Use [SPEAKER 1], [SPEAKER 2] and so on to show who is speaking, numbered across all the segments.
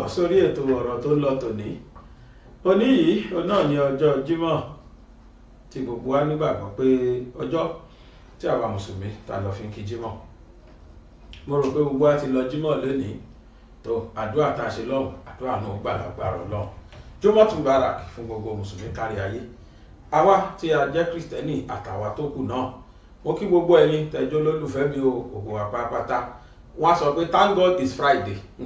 [SPEAKER 1] káàbọ̀ sórí ètò ọ̀rọ̀ tó ń lọ tòní òní yìí náà ni ọjọ́ Jímọ̀ tí gbogbo wa nígbàgbọ́ pé ọjọ́ tí àwa mùsùlùmí ta lọ fi ń kí Jímọ̀ mo rò pé gbogbo wa ti lọ Jímọ̀ lónìí tó àdúrà tá a ṣe lọ́hùn àdúrà náà gbàlagbà rọ̀ lọ́hùn Jumatu Mubarak fún gbogbo mùsùlùmí kárí ayé àwa tí a jẹ́ kristẹni àtàwa tó kù náà mo kí gbogbo ẹ̀yin tẹ́jọ́ lólùfẹ́ mi o ògùn àpapátá wọ́n á sọ pé thank God it's Friday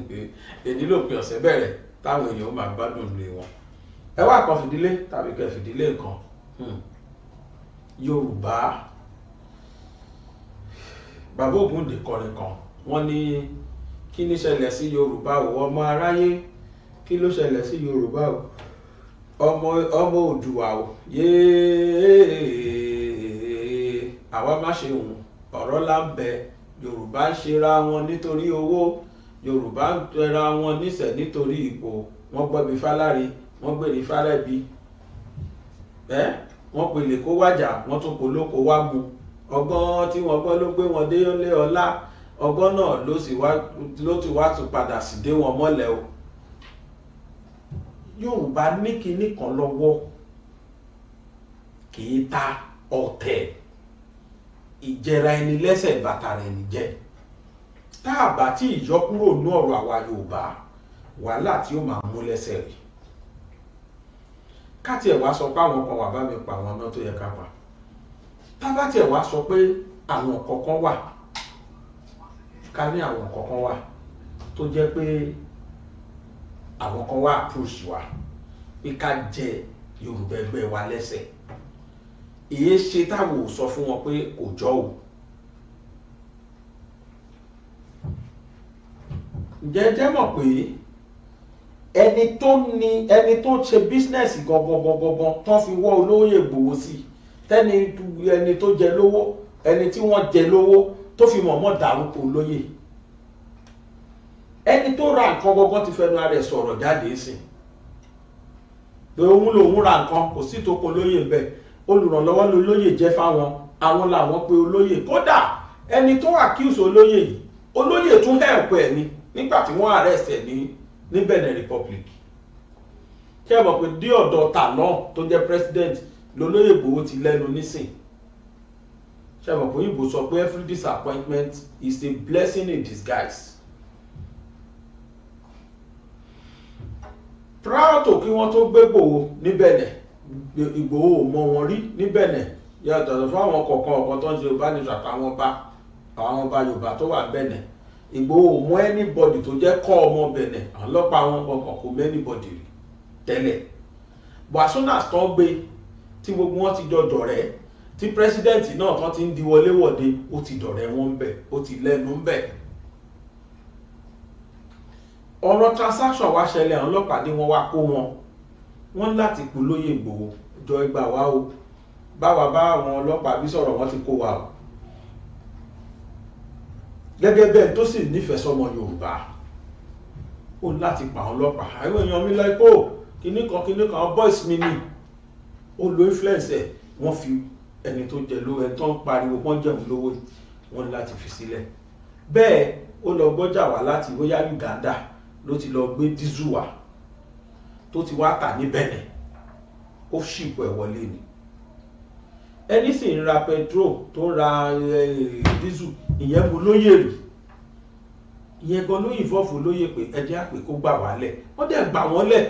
[SPEAKER 1] èyí ló pin ọ̀sẹ̀ bẹ̀rẹ̀ táwọn èèyàn máa gbádùn lé wọn ẹ wá kan fìdílé tàbí kẹ́ fìdílé nǹkan hmm. Yorùbá bàbá Ògúndé kọrin kan wọ́n ní kí ní ṣẹlẹ̀ sí Yorùbá o ọmọ aráyé kí ló ṣẹlẹ̀ sí Yorùbá o ọmọ ọmọ Òdùwà o yéé àwa má ṣe òun ọ̀rọ̀ là ń bẹ yorùbá ń ṣera wọn nítorí owó yorùbá ń tẹra wọn níṣẹ́ nítorí ipò wọ́n gbọ́bi fáláre wọ́n gbèrè fálẹ́bi ẹ́ wọ́n pèlè kó wájà wọ́n tún polóko wá mu ọgbọ́n tí wọ́n gbọ́n ló gbé wọn dé lé ọlá ọgbọ́n náà ló ti wá tún padà sí dé wọn mọ́lẹ̀ o yorùbá ní kinní kan lọ́wọ́ kì í ta ọ̀tẹ̀ ìjẹra ẹni lẹ́sẹ̀ bàtàrà ẹni jẹ́ tá a bá tí ìyọkúrò nú ọ̀rọ̀ àwa Yorùbá wàhálà tí ó máa mú lẹ́sẹ̀ rẹ̀ ká tiẹ̀ wá sọ pé àwọn kan wà bá mi pa àwọn náà tó yẹ ká pa tá a bá wá sọ pé àwọn kọ̀ọ̀kan wà ká ní àwọn kọ̀ọ̀kan wà tó jẹ́ pé àwọn kan wà approach wa pé ká jẹ Yorùbá ẹgbẹ́ wa lẹ́sẹ̀ èyí ṣe táwọn ò sọ fún wọn pé kò jọ o jẹjẹ mọ̀ pé ẹni tó ní ẹni tó ṣe bísínẹ́sì gọgọgọgọgọ tán fi wọ́ olóyè gbowó sí tẹ́ni ẹni tó jẹ lówó ẹni tí wọ́n jẹ lówó tó fi mọ̀ọ́mọ̀ dárúkọ olóyè ẹni tó ra nǹkan gọgọ́ ti fẹnu ara ẹ̀ sọ̀rọ̀ jáde sí i pé òun lòun ra nǹkan kò sí tó kọ lóyè bẹ́ẹ̀ olùrànlọ́wọ́ lolóyè jẹ́ fáwọn àwọn làwọn pe olóyè kódà ẹni tó accuse olóyè yìí olóyè tún help ẹ̀ ni nígbà tí wọ́n arrest ẹ̀ ní ní Benin Republic kí ẹ mọ̀ pé dí ọ̀dọ̀ ta náà tó jẹ́ president lolóyè Ìgbòho ti lẹ́nu nísìn ṣe mọ̀ pé Ìgbò sọ pé every disappointment is a blessing in disguise. prior to kí wọ́n tó gbé Ìgbòho ní Benin Ìgbòho ò mọ wọn rí ní Bẹ̀nẹ̀ yàtọ̀ fáwọn kọ̀ọ̀kan ọ̀kan tó ń ṣe Yorùbá nìṣọ̀ àtàwọn ọba àwọn ọba Yorùbá tó wà Bẹ̀nẹ̀ Ìgbòho ò mọ anybody tó jẹ́ kọ́ ọmọ Bẹ̀nẹ̀ ọlọ́pàá àwọn ọkọ̀ kò mọ anybody rí tẹ́lẹ̀ basunas tó gbé tí gbogbo wọn ti jọ dọ̀rẹ́ tí pírẹsidẹ́ǹtì náà kan ti ń di wọléwọ̀de ó ti dọ̀rẹ́ wọn bẹ̀ ó ti lẹ́nu bẹ̀ ọ̀rọ̀ transaction wá ṣẹlẹ̀ àwọn ọlọ́pàá ní wọ́n wá kó wọn wọ́n láti kú lóyè Ìgbòho jọ ẹgbà wá o báwa bá àwọn ọlọ́pàá bí sọ̀rọ̀ wọ́n ti kó wa o gẹ́gẹ́ bẹ́ẹ̀ tó sì nífẹ̀ẹ́ sọmọ Yorùbá ó láti pa àwọn ọlọ́pàá àwọn èèyàn mi like o kan kinní kan boys mi ni ó lo influence ẹ̀ wọ́n fi ẹni tó jẹ lówó ẹni tó ń pariwo wọ́n jẹun lówó wọ́n láti fi sílẹ̀ bẹ́ẹ̀ ó lọ gbọ́jà wá láti bóyá Uganda ló ti lọ gbé dísù wá tó ti wá tà ní Benin ó ṣìpò ẹ̀ wọlé ni ẹni sì ń ra petrol tó ń ra diesel ìyẹn bu lóyè rì ìyẹn gan ló yìnbọn lóyè pé ẹjẹ àpè kó gbà wá lẹ̀ wọ́n dẹ̀ gbà wọ́n lẹ̀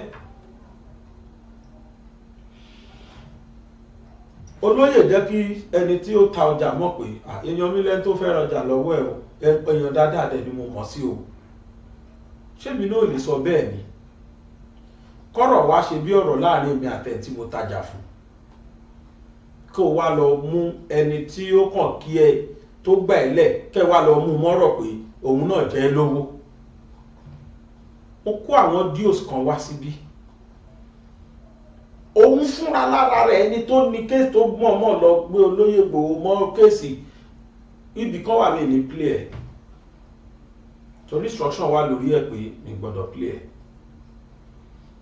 [SPEAKER 1] olóyè jẹ́ kí ẹni tí ó ta ọjà mọ̀ pé èèyàn mi lẹ́ni tó fẹ́ rajà lọ́wọ́ ẹ̀ o èèyàn dáadáa dẹ̀ ni mo mọ̀ sí o ṣé mi náà lè sọ bẹ́ẹ̀ ni kọ́rọ̀ wá ṣe bí ọ̀rọ̀ láàrin mi àtẹ̀ tí mo tajà fún kó o wá lọ mú ẹni tí ó kàn kí ẹ tó gbà ẹ lẹ̀ kẹ́ wá lọ mú mọ́rọ̀ pé òun náà jẹ́ lówó mo kó àwọn dios kan wá síbí òun fúnra lára rẹ̀ ẹni tó ní kéèsì tó mọ̀ọ́mọ̀ lọ gbé olóyè gbòó mọ́ kéèsì ibì kan wà mí ní clear torí instruction wà lórí ẹ̀ pé mi gbọ́dọ̀ clear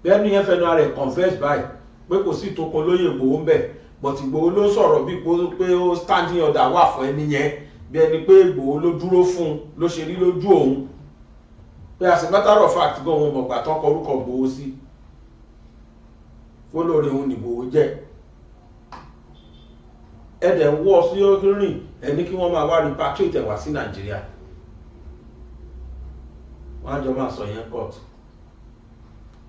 [SPEAKER 1] bẹ́ẹ̀ni yẹn fẹnu ara ẹ̀ confess báyìí pé kò sí ìtòkò olóyè Ìgbòho ń bẹ̀ but Ìgbòho ló sọ̀rọ̀ bí pé ó standing order wà fún ẹni yẹn bí ẹni pé Ìgbòho ló dúró fún un ló ṣe rí lójú òun pé as a matter of fact gan wọn mọ̀gbà tán kọ orúkọ Ìgbòho sí fólórí òun ni Ìgbòho jẹ́ ẹ̀dẹ̀ ń wọ́ sí rìn ẹni kí wọ́n máa wá repatriate ẹ̀ wá sí Nàìjíríà wọ́n á jọ máa sọ yẹn court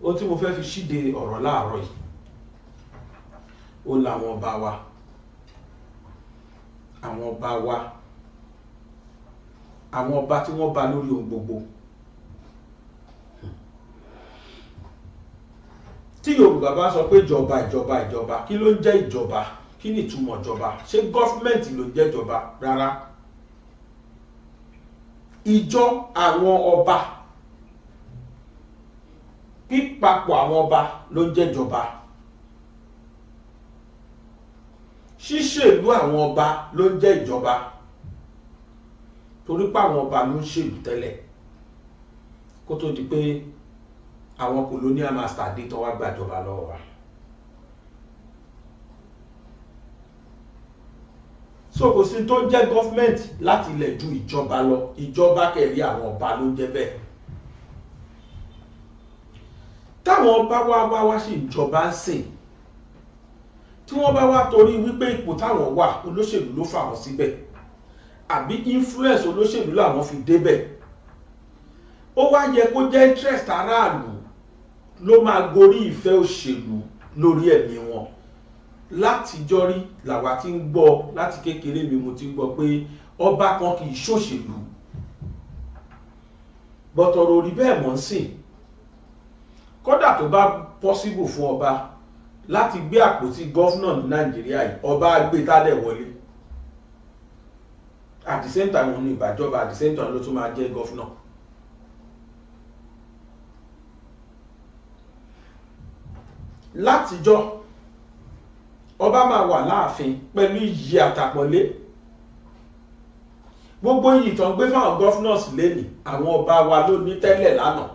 [SPEAKER 1] ohun tí mo fẹ́ fi ṣíde ọ̀rọ̀ láàárọ̀ yìí ó làwọn ọba wa àwọn ọba wa àwọn ọba tí wọ́n ba lórí ohun gbogbo tí Yorùbá bá sọ pé ìjọba ìjọba ìjọba kí ló ń jẹ́ ìjọba kí ni ìtumọ̀ ìjọba ṣé gọ́fúmẹ̀ntì ló ń jẹ́ ìjọba rárá ìjọ àwọn ọba pípapọ̀ àwọn ọba ló ń jẹ́jọba ṣíṣèlú àwọn ọba ló ń jẹ́ ìjọba torí pé àwọn ọba ló ń ṣèlú tẹ́lẹ̀ kó tó di pé àwọn colonial master dé tó wá gbàjọba lọ́wọ́ wa. so kò sí tó ń jẹ́ gọ́fmẹ̀ntì láti ilẹ̀ ju ìjọba lọ ìjọba kẹ̀rí àwọn ọba ló jẹ́ bẹ́ẹ̀ táwọn bá wá wá wá sí ìjọba ń sìn tí wọ́n bá wá torí wípé ipò táwọn wà olóṣèlú ló fà wọ́n síbẹ̀ àbí influence olóṣèlú làwọn fi débẹ̀ ó wá yẹ kó jẹ́ interest aráàlú ló máa gorí ìfẹ́ òṣèlú lórí ẹ̀mí wọn látijọ́ rí làwa ti ń gbọ́ láti kékeré mi mo ti gbọ́ pé ọba kan kì í ṣòṣèlú bọ̀tọ̀rọ̀ rí bẹ́ẹ̀ mọ́ sìn kódà tó bá possible fún ọba láti gbé àpótí gọ́fúnà ní nàìjíríà yìí ọba gbé tádẹ̀ wọlé at the same time òun ìbàjọba at the same time ló tún máa jẹ́ gọ́fúnà. látijọ́ ọba máa wà láàfin pẹ̀lú iyì àtàpọ̀lé gbogbo iyì tán gbé fáwọn gọ́fúnọ̀sì lẹ́nìí àwọn ọba wa ló ní tẹ́lẹ̀ lánàá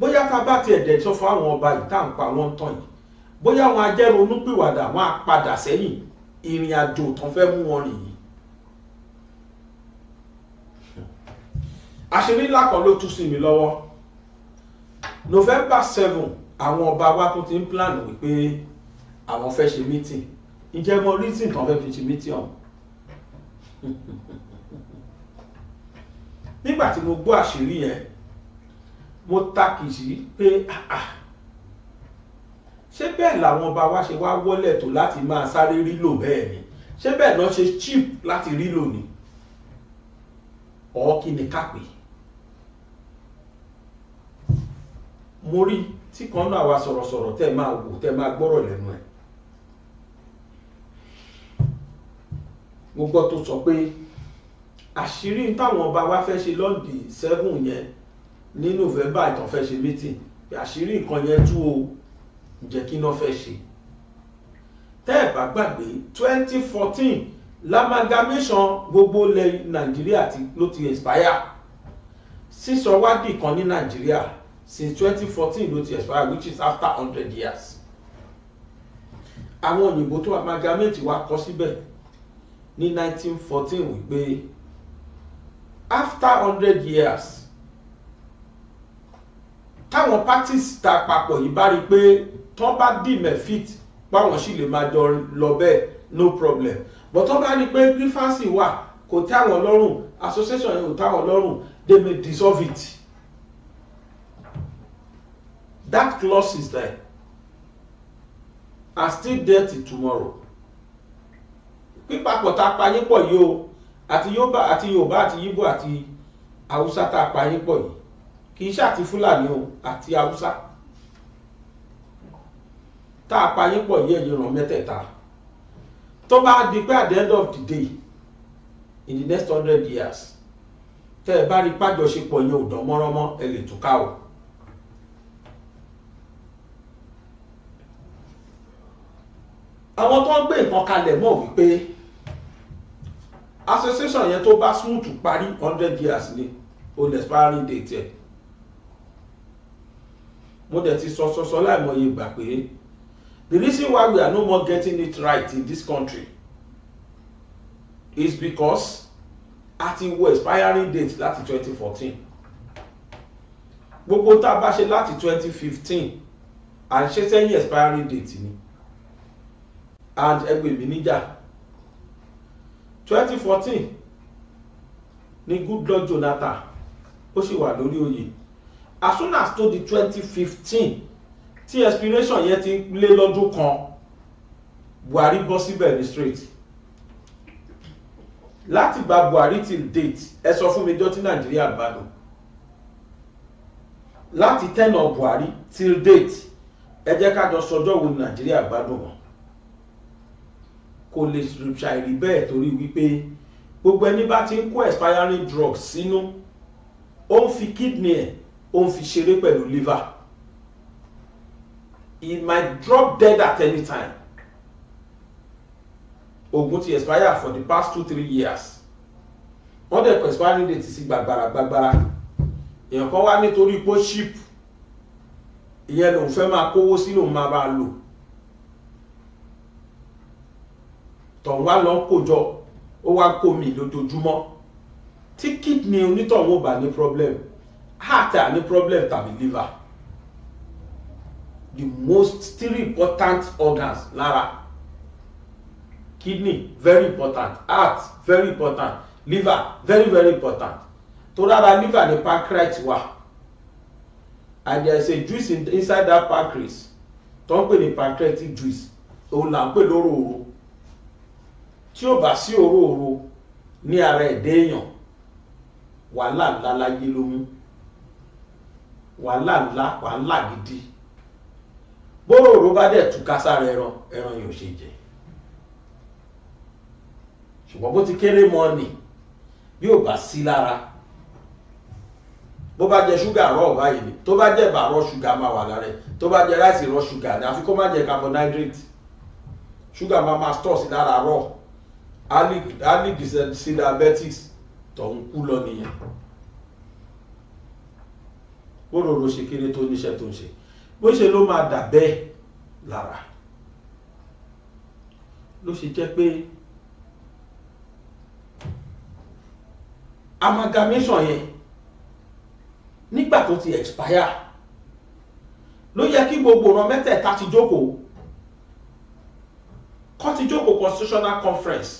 [SPEAKER 1] bóyá ká bá tiẹ̀ dẹ̀ sọ fún àwọn ọba yìí tá à ń pa wọ́n tán yìí bóyá àwọn ajẹ́rò onúpìwàdà wọn á padà sẹ́yìn ìrìn àjò tán fẹ́ mú wọn rìn yìí. àṣírí ńlá kan ló tú sí mi lọ́wọ́ november seven àwọn ọba wa tún ti ń plan wípé àwọn fẹ́ ṣe meeting ǹjẹ́ mo reason tán fẹ́ fi ṣe meeting ọ̀hún nígbà tí mo gbọ́ àṣírí yẹn mo takìsí pé ṣé bẹ́ẹ̀ làwọn ọba wa ṣe wá wọ́lẹ̀ tó láti máa sáré rílò bẹ́ẹ̀ ni ṣé bẹ́ẹ̀ náà ṣe cheap láti rílò ni ọ̀ kí ni ká pè mo rí tí kan náà wa sọ̀rọ̀sọ̀rọ̀ tẹ́ máa wò tẹ́ máa gbọ́rọ̀ lẹ́nu ẹ̀ mo gbọ́ tó sọ pé àṣírí táwọn ọba wa fẹ́ ṣe lọ́ndì seven yẹn ní november ìtàn fẹ́ ṣe meeting àṣírí nǹkan yẹn tú o ǹjẹ́ kí náà fẹ́ ṣe tẹ́ ẹ̀ bá gbàgbé twenty fourteen l'amalgamation gbogbo ilẹ̀ nàìjíríà ló ti expire sísọ wádìí kan ní nàìjíríà since 2014, fourteen ló ti expire which is after 100 years àwọn òyìnbó tó amalgamate wa kọ síbẹ̀ ní 1914, fourteen wípé after 100 years táwọn parties ta papọ̀ yìí bá rí i pé tán bá dìmẹ̀ fit páwọn sì lè máa jọ lọ bẹ́ẹ̀ no problem but tán bá rí i pé prefacy wà kò táwọn lọ́rùn association yẹn kò táwọn lọ́rùn they may dissolve it that clause is there I still there till tomorrow pípapọ̀ tá a payé pọ̀ yìí o àti Yorùbá àti Yorùbá àti Yíbò àti Haúsá tá a payé pọ̀ yìí kì í ṣàti fúlàní o àti haúsá tá a payé pọ̀ yí ẹ̀yìn ràn mẹ́tẹ̀ẹ̀ta tó bá di pé at the end of the day in the next hundred years tẹ́ ẹ bá rí pájọṣepọ̀ yẹn ò dán mọ́rọ́mọ́ ẹ lè túká o. àwọn tó ń gbé nǹkan kalẹ̀ mọ̀ wípé association yẹn tó bá smooth parí hundred years ni on expiring date yẹn mo dẹ̀ ti sọsọsọ láìmọye ìgbà pé the reason why we are no more getting it right in this country is because a ti wo expiring date láti 2014 gbogbo tá a bá ṣe láti 2015 à ń ṣe sẹ́yìn expiring date ni and ẹgbẹ́ mi níjà 2014 ni good Lord Jonathan ó sì wà lórí oyè as soon as tó the twenty fifteen tí expiration yẹn ti lé lọ́dún kan Buhari bọ́ síbẹ̀ ní straight láti gba Buhari till date ẹ sọ fún mi jọ́ tí Nàìjíríà gbádùn láti tẹ́nà Buhari till date ẹ jẹ́ ká jọ sọjọ́ wo Nàìjíríà gbádùn wọn kò lè ṣàìrí bẹ́ẹ̀ torí wípé gbogbo ẹni bá ti ń kó expiring drugs sínú ó ń fi kidney ẹ̀ ó ń fi ṣeré pẹ̀lú liver it might drop dead at any time oògùn ti expire for the past two three years wọ́n dẹ̀ kọ expiring date sí gbàgbàrà gbàgbàrà èèyàn kan wá nítorí pé ship ìyẹn lòun fẹ́ máa kówó sí lòun máa bá a lò tọ̀hún wá lọ kó jọ ó wá kó mi lójoojúmọ́ tí kidney onítọ̀hún ò bá ní problem heart ní problem tàbí liver the most three important organs lára kidney very important heart very important liver very very important tó lára liver ni pancreas wà and there is a juice in, inside that pancreas tó ń pè ní pancreatic juice òun là ń pè lóròòrò tí ò bá sí òróró ní ara ẹ̀dẹ́ èèyàn wàhálà ńlá láyé ló wàhálà ńlá wàhálà gidi bóró òró bá dẹ̀ tú kására ẹran ẹran yìí ò ṣe jẹ ṣùgbọ́n bó ti kéré mọ́ ni bí ò bá sí lára bó bá jẹ ṣúgà rọ báyìí ni tó bá jẹ ẹ̀bà rọ ṣúgà máa wà lára ẹ tó bá jẹ ráìsì rọ ṣúgà ni àfi kó má jẹ carbohydrate ṣúgà máa máa stọ̀ sí lára rọ early diabetes tó ń kú lọ nìyẹn bóròrò ṣe kéré tó níṣẹ́ tó ń ṣe bó ṣe ló máa dà bẹ́ẹ̀ lára ló ṣe jẹ́ pé amalgamation yẹn nígbà tó ti expire ló yẹ kí gbogbo ọ̀rọ̀ mẹ́tẹ̀ẹ̀ta ti jókòó kọ́ ti jókòó constitutional conference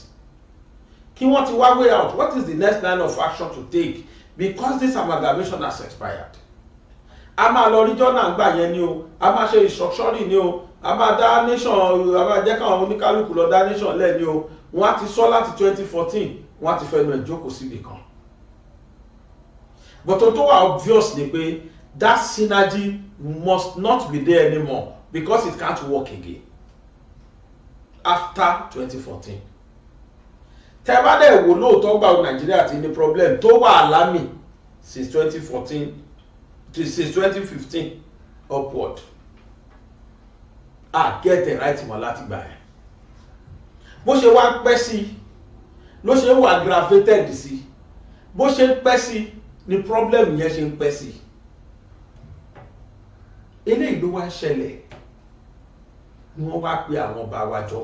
[SPEAKER 1] kí wọ́n ti wá way out what is the next line of action to take because this amalgamation has expired a máa lọ rí jọ́nà gbà yẹn ni o a máa ṣe ìṣọ̀ṣọ́rì ni o a máa dá nation a máa jẹ́ káwọn oníkálukú lọ dá nation lẹ̀ ni o wọ́n á ti sọ láti twenty fourteen wọ́n á ti fẹnu ẹ̀ jókòó síbi kan but tó wà obvious ni pé that synergy must not be there anymore because it can't work again after twenty fourteen tẹ́ bá dẹ̀ wò lóòótọ́ gbà Nàìjíríà ti ní problem tó wà lámì since twenty fourteen since 2015 upward a ah, get the right mọ̀ láti gbà yẹn bó ṣe wá pẹ́ sí ló ṣe wà aggravated sí bó ṣe pẹ́ sí ni problem yẹn ṣe ń pẹ́ sí eléyìí ló wá ṣẹlẹ̀ ni wọ́n wá pe àwọn ọba wa jọ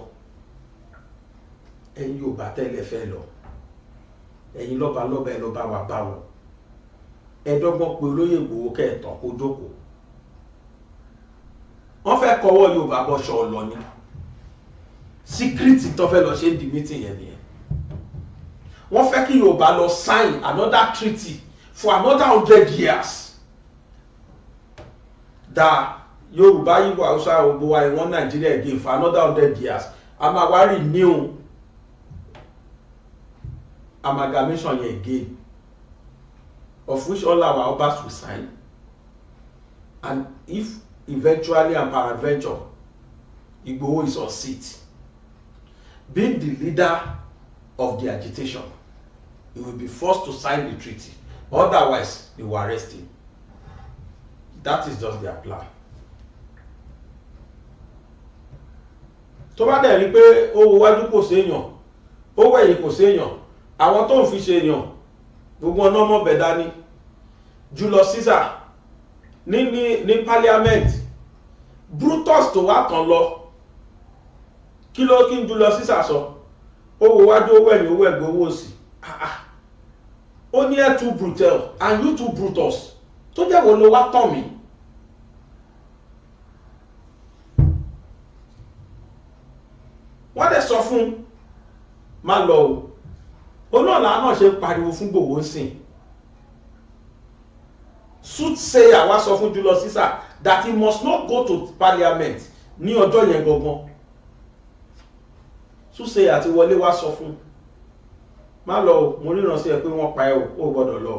[SPEAKER 1] ẹ̀yin Yorùbá tẹ́lẹ̀ fẹ́ lọ ẹ̀yin lọ́balọ́ba ẹ lọ bá wa bá wọn ẹ̀ẹ́dọ́gbọ́n pé olóyè Ìgbòho kẹ́ẹ̀tàn kó jókòó wọ́n fẹ́ kọ́wọ́ Yorùbá bọ́ṣọ ọ̀lọ ni síkírìtì tó fẹ́ lọ ṣe di mítìn yẹn nìyẹn wọ́n fẹ́ kí Yorùbá lọ sign another treaty for another hundred years da Yorùbá Ìgbò Haúsá gbogbo wa ìwọ̀n Nàìjíríà again for another hundred years a new. wá renew amalgamation yẹn again of which all our obas will sign and if eventually and peradventure Igboho is on seat being the leader of the agitation he will be forced to sign the treaty otherwise they will arrest him that is just their plan tó bá dẹ̀ rí pé ó wo wájú kò séèyàn ó wẹ̀yìn kò séèyàn àwọn tó ń fi ṣèyàn gbogbo ọ̀nà ọmọ bẹ̀ dání Julius Caesar ní ní ní parliament Brutus tó wá tán lọ kí ló kí Julius Caesar sọ ó wo wájú owó ẹ̀yìn owó ẹ̀gbẹ́ owó òsì ah, ah. ó ní ẹ̀ tú Brutus and you tú Brutus tó jẹ́ wo ló wá tàn mí. wọ́n dẹ̀ sọ fún un má lọ o onáàlá náà ṣe pariwo fún gbòwó sìn soothsayer wá sọ fún Julius Caesar that he must not go to parliament ní ọjọ́ yẹn gangan soothsayer ti wọlé wá sọ fún má lọ mo ríran sí ẹ pé wọ́n pa ẹ́ o gbọ́dọ̀ lọ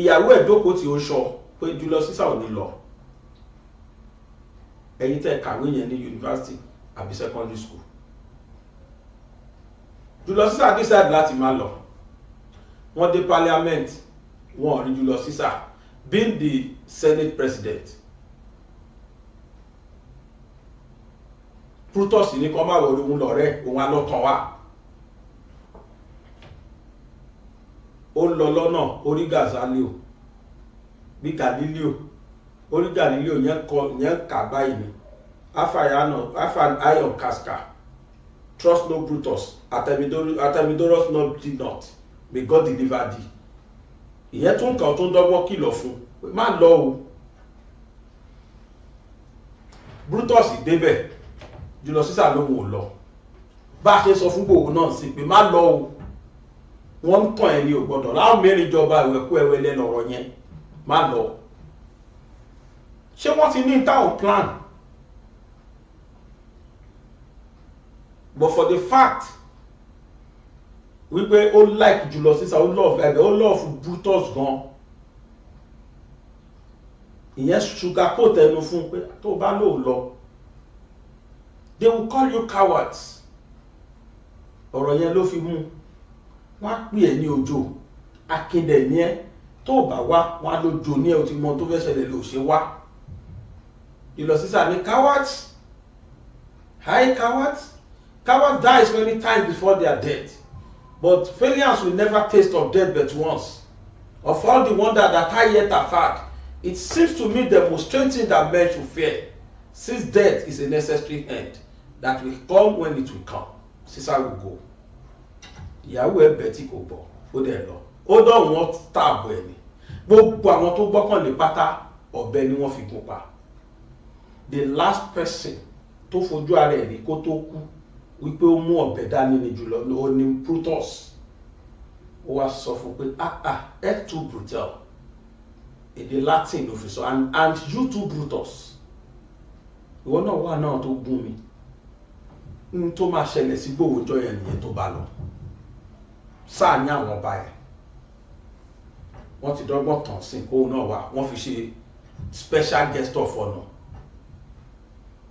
[SPEAKER 1] ìyàwó ẹ̀ jókòó tí ó sọ pé Julius Caesar ò ní lọ ẹ̀yin tẹ́ kàwé yẹn ní yunifásitì àbí secondary school jùlọ sísà decide láti máa lọ wọ́n dé parliament wọn ò rí jùlọ being the senate president Brutus ní kọ́ máa wọlé òun lọ́rẹ́ òun alọ́tàn wa ó ń lọ lọ́nà orí Gazalio bí Galileo orí Galileo yẹn kà báyìí ni afayọ kaska trust no Brutus Atemidorus not did not may God deliver thee ìyẹn tó ń kà ó tó ń dọ́gbọ́n kìlọ̀ fún má lọ o Brutus débẹ̀ Julius Caesar ló wò lọ bá a ṣe sọ fún gbòòwò náà sí pé má lọ o wọ́n ń tàn ẹni ò gbọ́dọ̀ láwọn mẹ́rin jọba ìwẹ̀kú ẹwẹ́ lẹ́nu ọ̀rọ̀ yẹn má lọ ṣé wọ́n ti ní táwọn plan but for the fact wípé ó like jùlọ sísá ó love ẹ̀bẹ̀ eh, ó love brutus gan ìyẹn sugar coat ẹnu fún un pé tó o bá lò lọ they will call you cowards ọ̀rọ̀ yẹn ló fi mú wọ́n á pè ẹ́ ní ojo akéde ní ẹ́ tó bá wá wọ́n á lójo ní ẹ́ o ti mọ tó fẹ́ ṣẹlẹ̀ lò ṣe wá ìlọsísà ní cowards high cowards Coward dies many times before they are dead, but failures will never taste of death but once. Of all the wonder that I yet have had, it seems to me the most strange that men should fear, since death is a necessary end that will come when it will come. since I will go. Yahweh ẹ̀ bẹ̀ tí kò bọ̀, ó dẹ̀ ni. Gbogbo àwọn tó gbọ́kànlé pátá ọ̀bẹ ni wọ́n fi gún pa. The last person tó fojú ara ẹ̀ rí kó tó kú wípé ó mú ọ̀bẹ dání ni jùlọ ó ní Brutus ó wá sọ fún pé ah ah et tu brutal èdè Latin ló fi sọ and and you too Brutus ìwọ náà wà náà tó gún mi n tó máa ṣẹlẹ̀ sí gbòòjọ́ yẹn nìyẹn tó bá lọ sáà ní àwọn ọba yẹn wọ́n ti dọ́gbọ́n tàn sí kóun náà wá wọ́n fi ṣe special guest of honour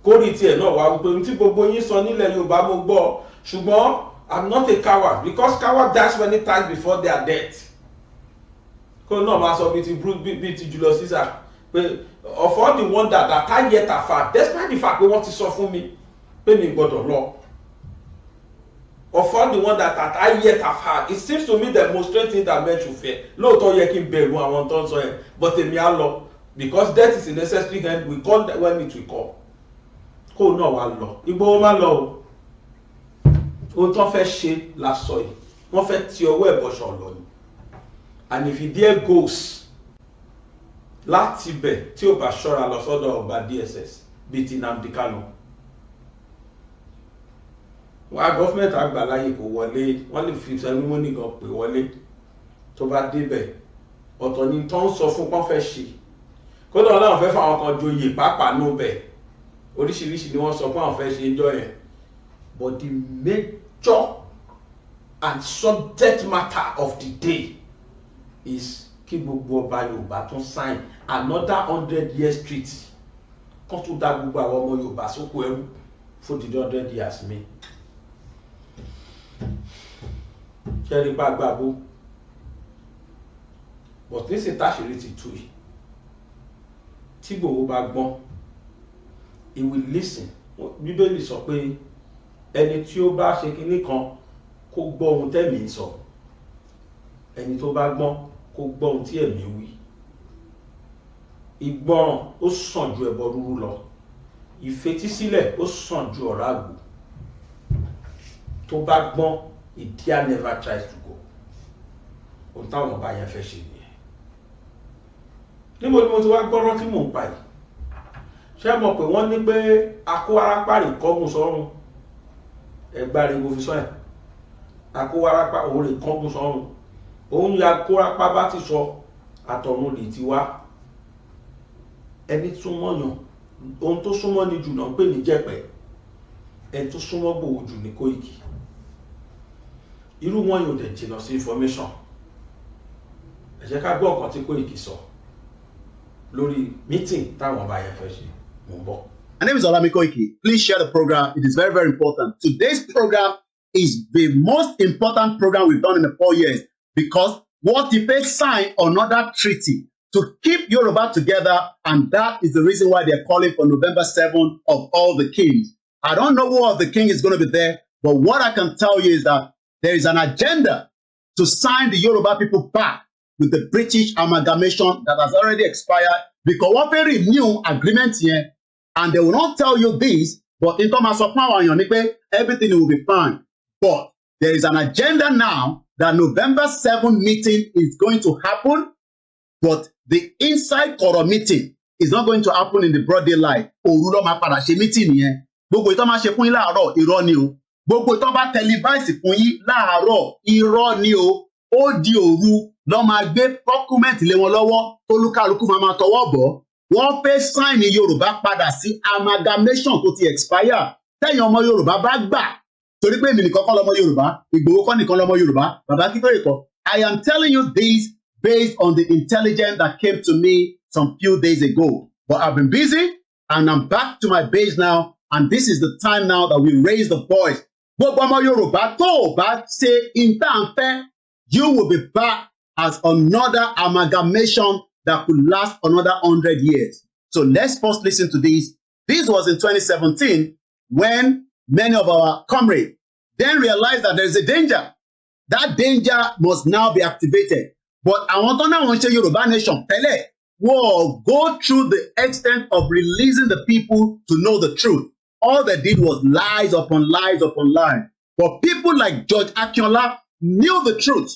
[SPEAKER 1] kórì tiẹ̀ náà wá wípé tí gbogbo yín sọ nílẹ̀ Yorùbá mo gbọ́ ṣùgbọ́n I'm not a coward because coward dies many times before their death kó náà máa sọ bíi ti Bruce bíi ti Julius Caesar pé of all the wonder that I yet have found despite the fact pé wọ́n ti sọ fún mi pé mi gbọ́dọ̀ lọ of all the wonder that I yet have had it seems to me the most strange thing that men should fear lóòótọ́ yẹ kí n bẹ̀rù àwọn tó ń sọ yẹn but èmi á lọ because death is a necessary end we call when it will come kó náà wá lọ Ìgbòho má lọ o ohun tó fẹ́ ṣe la sọ yìí wọ́n fẹ́ ti ọwọ́ ẹ̀bọ̀ṣọ̀ lọ ni and if there goes láti bẹ̀ tí ó bá ṣọ́ra lọ sọ́dọ̀ ọba DSS bíi ti Nnamdi Kanu wàá gọ́fìmẹ̀tì àgbà láyè kò wọlé wọ́n lè fi sẹ́lúmọ́nì gan pè wọlé tó bá débẹ̀ ọ̀tọ̀ ni tó ń sọ fún pọ́n fẹ́ ṣe kódà ọlọ́run fẹ́ fún àwọn kan joyè pàápàá níbẹ̀. No oríṣiríṣi ni wọ́n sọ pé àwọn fẹ́ ṣe ń jọ yẹn but the major and subject matter of the day is kí gbogbo ọba Yorùbá tún sign another hundred years treaty kó tún dá gbogbo àwọn ọmọ Yorùbá sóko ẹrú fún dídí hundred years mi kẹrí bá gbàgbó but nísìnyí táṣìírí ti tú yìí tí gbòòwò bá gbọ́n he will listen bíbélì sọ pé ẹni tí ó bá ṣe kinní kan kó gbọ́ ohun tẹ́mi ń sọ ẹni tó bá gbọ́n kó gbọ́ ohun tí ẹ̀mí wí ìgbọràn ó sàn ju ẹbọ rúrú lọ ìfetísílẹ̀ ó sàn ju ọ̀rá àgbò tó bá gbọ́n ìdíà never tries to go ohun táwọn ọba yẹn fẹ́ ṣe nìyẹn níbo ni mo ti wá gbọ́rọ́ tí mò ń pa yìí ṣé mọ̀ pé wọ́n ní pé akó arápàrè kọ́gùn sọ́run ẹ̀gbá rẹ̀ wo fi sọ́ ẹ̀ akó arápà òun rè kọ́gùn sọ́run òun ya kórapá bá ti sọ àtọ̀run lè ti wá ẹni túmọ̀ yàn ohun tó súnmọ́ ni jù ń pè ní jẹ̀pẹ̀ ẹni tó súnmọ́ gbòò jù ní Koiki irú wọn yóò dẹ̀ jìnà sí information ẹ jẹ́ ká gbọ́ ọ̀kan tí Koiki sọ lórí meeting táwọn ọba yẹn fẹ́ ṣe.
[SPEAKER 2] My name is Olami Koiki. Please share the program. It is very, very important. Today's program is the most important program we've done in the four years because what if they sign another treaty to keep Yoruba together, and that is the reason why they're calling for November 7 of all the kings. I don't know who of the king is going to be there, but what I can tell you is that there is an agenda to sign the Yoruba people back with the British amalgamation that has already expired because wọ́n fẹ́ renew agreement here and they will not tell you this but in terms of power and ni pé everything will be fine but there is an agenda now that November seven meeting is going to happen but the inside kọ̀rọ̀ meeting is not going to happen in the broad daylight òru ló padà ṣe meeting yẹn gbogbo ìtọ́ máa ṣe fún yín láàárọ̀ irọ́ ni o gbogbo ìtọ́ bá tẹlifáìsì fún yín láàárọ̀ irọ́ ni o ó di òru lọ́ máa gbé document lé wọn lọ́wọ́ tó máa máa tọwọ́ bọ̀ wọ́n fẹ́ sáìnì yorùbá padà sí amalgamation tó ti expire tẹ̀yìn ọmọ yorùbá bá gbà torí pé èmi nìkan kọ́ lọ́mọ yorùbá ìgbòho kọ́ nìkan lọ́mọ yorùbá bàbá kíkọ́rẹ́ kọ́ I am telling you this based on the intelligence that came to me some few days ago but I've been busy and I'm back to my base now and this is the time now that we raise the voice gbogbo ọmọ yorùbá tó o bá ṣe ìtànfẹ́ you will be back as another amalgamation that could last another 100 years. So let's first listen to this. This was in 2017 when many of our comrades then realized that there's a danger. That danger must now be activated. But àwọn tó náà wọ́n ṣe Yoruba nation Pele, wọ́n go through the extent of releasing the people to know the truth. All they did was lies upon lies upon lies. But people like George Akinola knew the truth,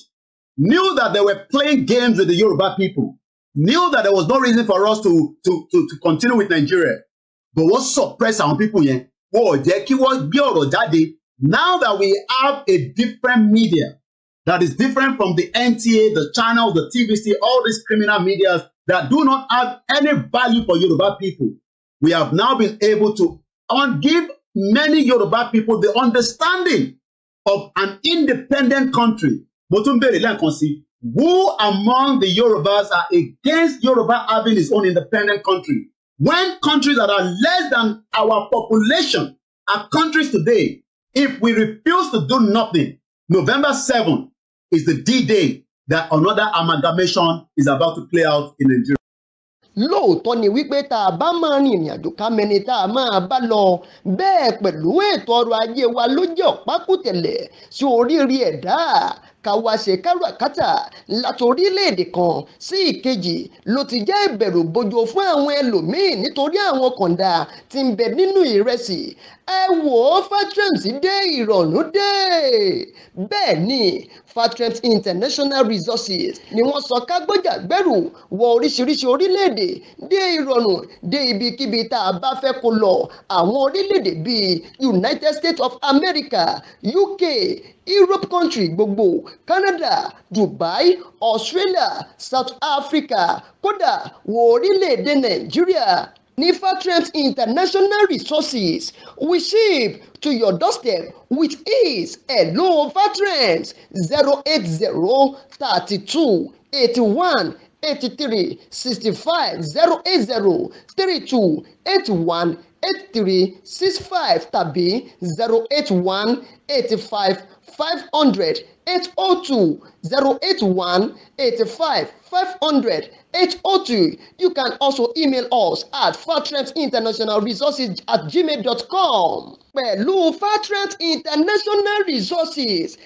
[SPEAKER 2] knew that they were playing games with the Yoruba people knew that there was no reason for us to to to, to continue with Nigeria but wọ́n suppress our people yẹn wọ́n Jackie was kí wọ́n gbé now that we have a different media that is different from the NTA the channel the TVC all these criminal medias that do not have any value for Yoruba people we have now been able to give many Yoruba people the understanding of an independent country mo tún béèrè lẹ́ẹ̀kan Who among the Yorubas are against Yoruba having its own independent country? When countries that are less than our population are countries today, if we refuse to do nothing, November 7 is the D-Day that another amalgamation is about to play out in Nigeria.
[SPEAKER 3] lóòótọ́ ni wípé tá a bá máa rin ìrìn àjò ká mẹ́ni tá a máa bá lọ bẹ́ẹ̀ pẹ̀lú ètò ọrọ̀ ajé wa ló jẹ́ ọ̀pákùtẹ̀lẹ̀ sí oríire ẹ̀dá ká wá ṣe káràkátà láti orílẹ̀-èdè kan sí ìkejì ló ti jẹ́ ìbẹ̀rù bojo fún àwọn ẹlòmíín nítorí àwọn kọ̀ǹda tí ń bẹ nínú ìrẹsì ẹ wò ó fatrams dé ìrọ̀rùn dé bẹ́ẹ̀ ni fatrams international resources ni wọ́n sọ kágbọ́jàgbẹ́rù wọ oríṣiríṣi orílẹ̀-èdè dé ìrọ̀rùn dé ibikíbi tá a bá fẹ́ kó lọ àwọn orílẹ̀-èdè bíi united states of america uk Europe country gbogbo Canada Dubai Australia South Africa kódà wọ orílẹ̀-èdè Nàìjíríà ní Fatrans International Resources we ship to your doorstep with ease. Hello Fatrans zero eight zero thirty two eighty one eighty three sixty five zero eight zero thirty two eighty one eight three six five tàbí zero eight one eighty five five hundred eight oh two zero eight one eighty five five hundred eight oh two you can also email us at fatrent international resources at gmail dot com pẹ̀lú fatrent international resources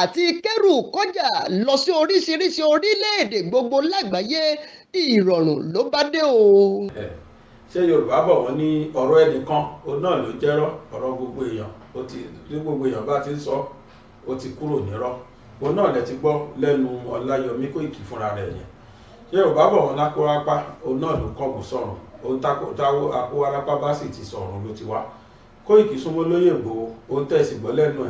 [SPEAKER 3] àti kẹ́rù kọjá lọ sí oríṣiríṣi orílẹ̀-èdè gbogbo lágbàáyé ìrọ̀rùn ló bá dé o.
[SPEAKER 1] ṣé yorùbá bọ̀ wọ́n ní ọ̀rọ̀ ẹnìkan òun náà ló jẹ́rọ́ ọ̀rọ̀ gbogbo èèyàn ó ti tí gbogbo èèyàn bá ti ń sọ ó ti kúrò nírọ́ òun náà lẹ ti gbọ́ lẹ́nu ọláyọmí kó ìkì fúnra rẹ̀ yẹn ṣé yorùbá bọ̀ wọ́n bá sì ti ló ti wá kó ìkì súnmọ́ gbòó tẹ̀sí gbọ́ lẹ́nu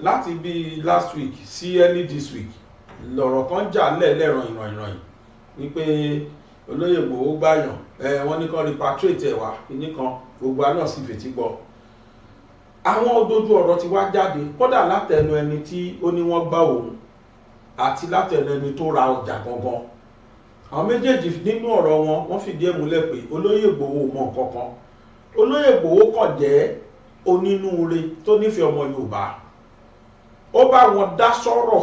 [SPEAKER 1] láti bíi last week sí early this week lọ̀rọ̀ kan jà lẹ́ẹ̀lẹ́ràn ìrànìrànì wípé olóyè Ìgbòho gbàyàn wọ́n ní kan repatriate ẹ̀ wá kíní kan gbogbo àná sì fètí gbọ́ àwọn òdodo ọ̀rọ̀ ti wá jáde kódà látẹnu ẹni tí ó ní wọ́n gbá òun àti látẹnu ẹni tó ra ọjà gangan àwọn méjèèjì nínú ọ̀rọ̀ wọn wọ́n fìdí ẹ̀ múlẹ̀ pé olóyè Ìgbòho mọ̀ nǹkan kan olóyè Ìgbòho kàn jẹ́ onínúure tó nífẹ̀ẹ́ ọmọ Yorùbá ó bá wọn dá sọ̀rọ̀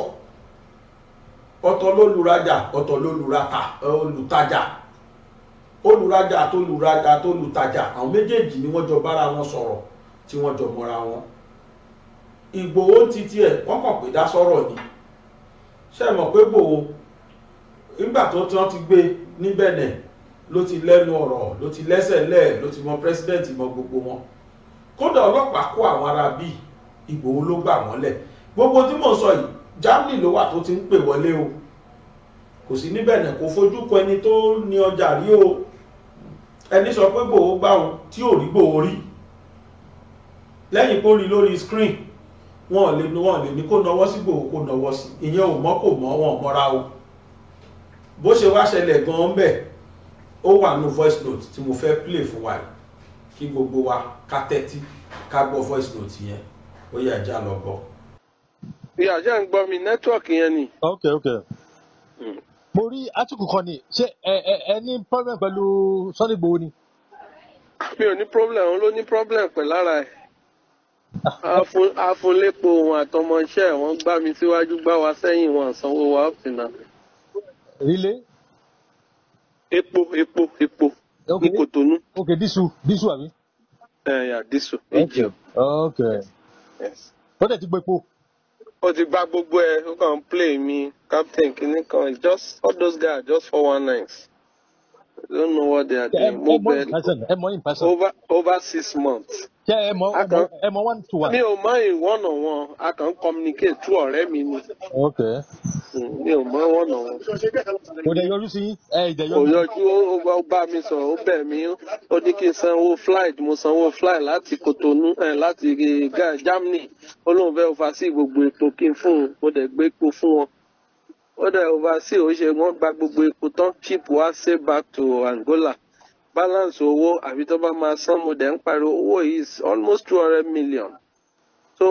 [SPEAKER 1] ọ̀tọ̀ lólùrajà ọ̀tọ̀ lólùrata olùtajà olùrajà àtolùrajà àtolùtajà àwọn méjèèjì ni wọ́n jọ bára wọn sọ̀rọ̀ tí wọ́n jọ mọ́ra wọn Ìgbòho ti tiẹ̀ wọ́n kàn pé dá sọ̀rọ̀ ni ṣe mọ̀ pé Ìgbòho nígbà tó tán ti gbé ní Benin ló ti lẹ́nu ọ̀rọ̀ ló ti lẹ́sẹ̀ lẹ́ẹ̀ ló ti mọ president mọ gbogbo wọn kódà ọlọ́pàá kó àwọn ará Ìgbòho ló gbà wọ́n lẹ̀ gbogbo tí mò ń sọ yìí germany ló wà tó ti ń pè wọlé o kò sí níbẹ̀ náà kò fojú kọ ẹni tó ní ọjà rí o ẹni sọ pé gbòó gbà òun tí ò rí gbòó rí lẹ́yìn kó rí lórí screen wọn lè ní wọn lè ní kó nọwọ́ sí gbòó kó nọwọ́ sí ìyẹn ò mọ́ kò mọ́ wọn mọ́ra o bó ṣe wá ṣẹlẹ̀ gan-an bẹ̀ ó wà nínú voice note tí mo fẹ́ play fún wa kí gbogbo wa ká tẹ́tí ká gbọ́ voice note yẹn ó yẹ ajá lọ gbọ́
[SPEAKER 4] ìyá ṣe ń gbọ́ mi nẹ́tíwọ̀kì yẹn ni. ok ok
[SPEAKER 2] hmm. mo rí átíkù kan ni ṣé ẹ ẹ ẹ ní problem pẹ̀lú
[SPEAKER 4] Sunday Igboho ni. mi ò ní problem òun ló ní problem pẹ̀lú ara ẹ̀ afunlépo òun àtọmọṣẹ́ wọn gbá mi síwájú gbá wa sẹ́yìn wọn sanwó wa up to epo epo epo ní Kòtónú. ok Disu dísù àbí. ẹ eh, yà dísù.
[SPEAKER 2] ok. ó dẹ̀ ti gbé epo
[SPEAKER 4] ó ti gba gbogbo ẹ ó kàn ń play mi captain kìíní kan just all those guys just four one nines I don't know what they are doing mo bẹ over over six months. ṣé ẹ mọ ẹ one on one. mi ò mọ ìwọ̀nà wọn a kàn ń communicate through ọ̀rẹ́ mi ni. okay mi ò mọ wọn nà wọn. kò dẹ̀ yọjú sí ẹ ìdẹ̀ yọjú. kò yọjú ó bá mi sọ̀rọ̀ ó bẹ̀ mí ó ní kí n sanwó flight mo sanwó flight láti Kotonu ẹ láti Germany ó lóun fẹ́ oversí gbogbo epo kí n fún un mo dẹ̀ gbé epo fún wọn ó dẹ̀ oversí ó ṣe wọ́n gba gbogbo epo tán ship wá ṣe back to Angola balance owó àbí tó bá máa san mo dẹ̀ ń pariwo owó yìí is almost two hundred million so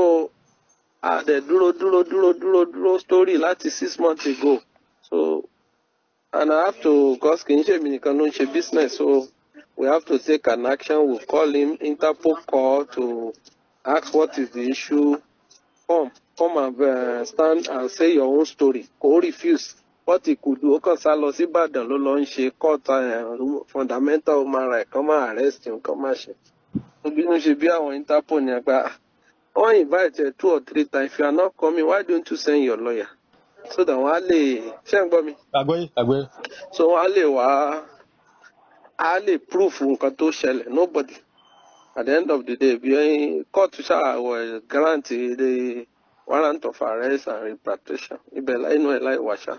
[SPEAKER 4] Ah, dẹ̀ dúró dúró dúró dúró dúró story láti six months ago so and I have to cause kì í ṣe èmi nìkan ló ń business so we have to take an action we call him Interpol call to ask what is the issue come come and uh, stand and say your own story kò refuse what he could do ó kàn sá lọ sí Ìbàdàn ló lọ ń ṣe court uh, fundamental human right kàn máa arrest him kàn máa ṣe bí wọ́n ṣe bí Interpol ni àgbà wọ́n invited two or three times if you are not coming why don't you send your lawyer so that wọ́n á lè ṣé ń gbọ́ mi. àgbẹ̀yẹ àgbẹ̀yẹ. so wọ́n á lè wá á lè proof nǹkan tó ṣẹlẹ̀ nobody at the end of the day bí court ṣáà wọ̀ grant the warrant of arrest and repatriation ibẹ̀ inú ẹ̀ láì wáṣà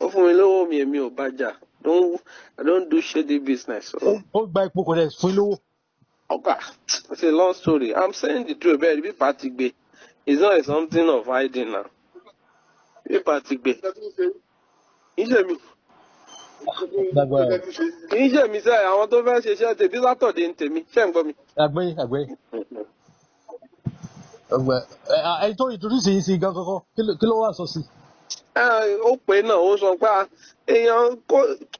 [SPEAKER 4] ó fún mi lówó mi èmi ò bá jà i don't do shady business.
[SPEAKER 1] ó gba ipò kọ̀dẹ̀ fún lówó
[SPEAKER 4] ọba it's a long story i'm saying the truth bẹ́ẹ̀ be pati gbé it's not something of hiding na bí pati gbé iṣẹ́ mi kì í ṣe mi sẹ àwọn tó fẹ́ ṣe iṣẹ́ tèmi sátọ̀dé ń tèmi ṣe ń gbọ́ mi. àgbẹ̀yìn àgbẹ̀yìn ọgbẹ ẹ tó ìtúrísì yìí sí gan kankan kí ló wà sọ sí. Ah, ó pè náà ó sọ pé ah, èèyàn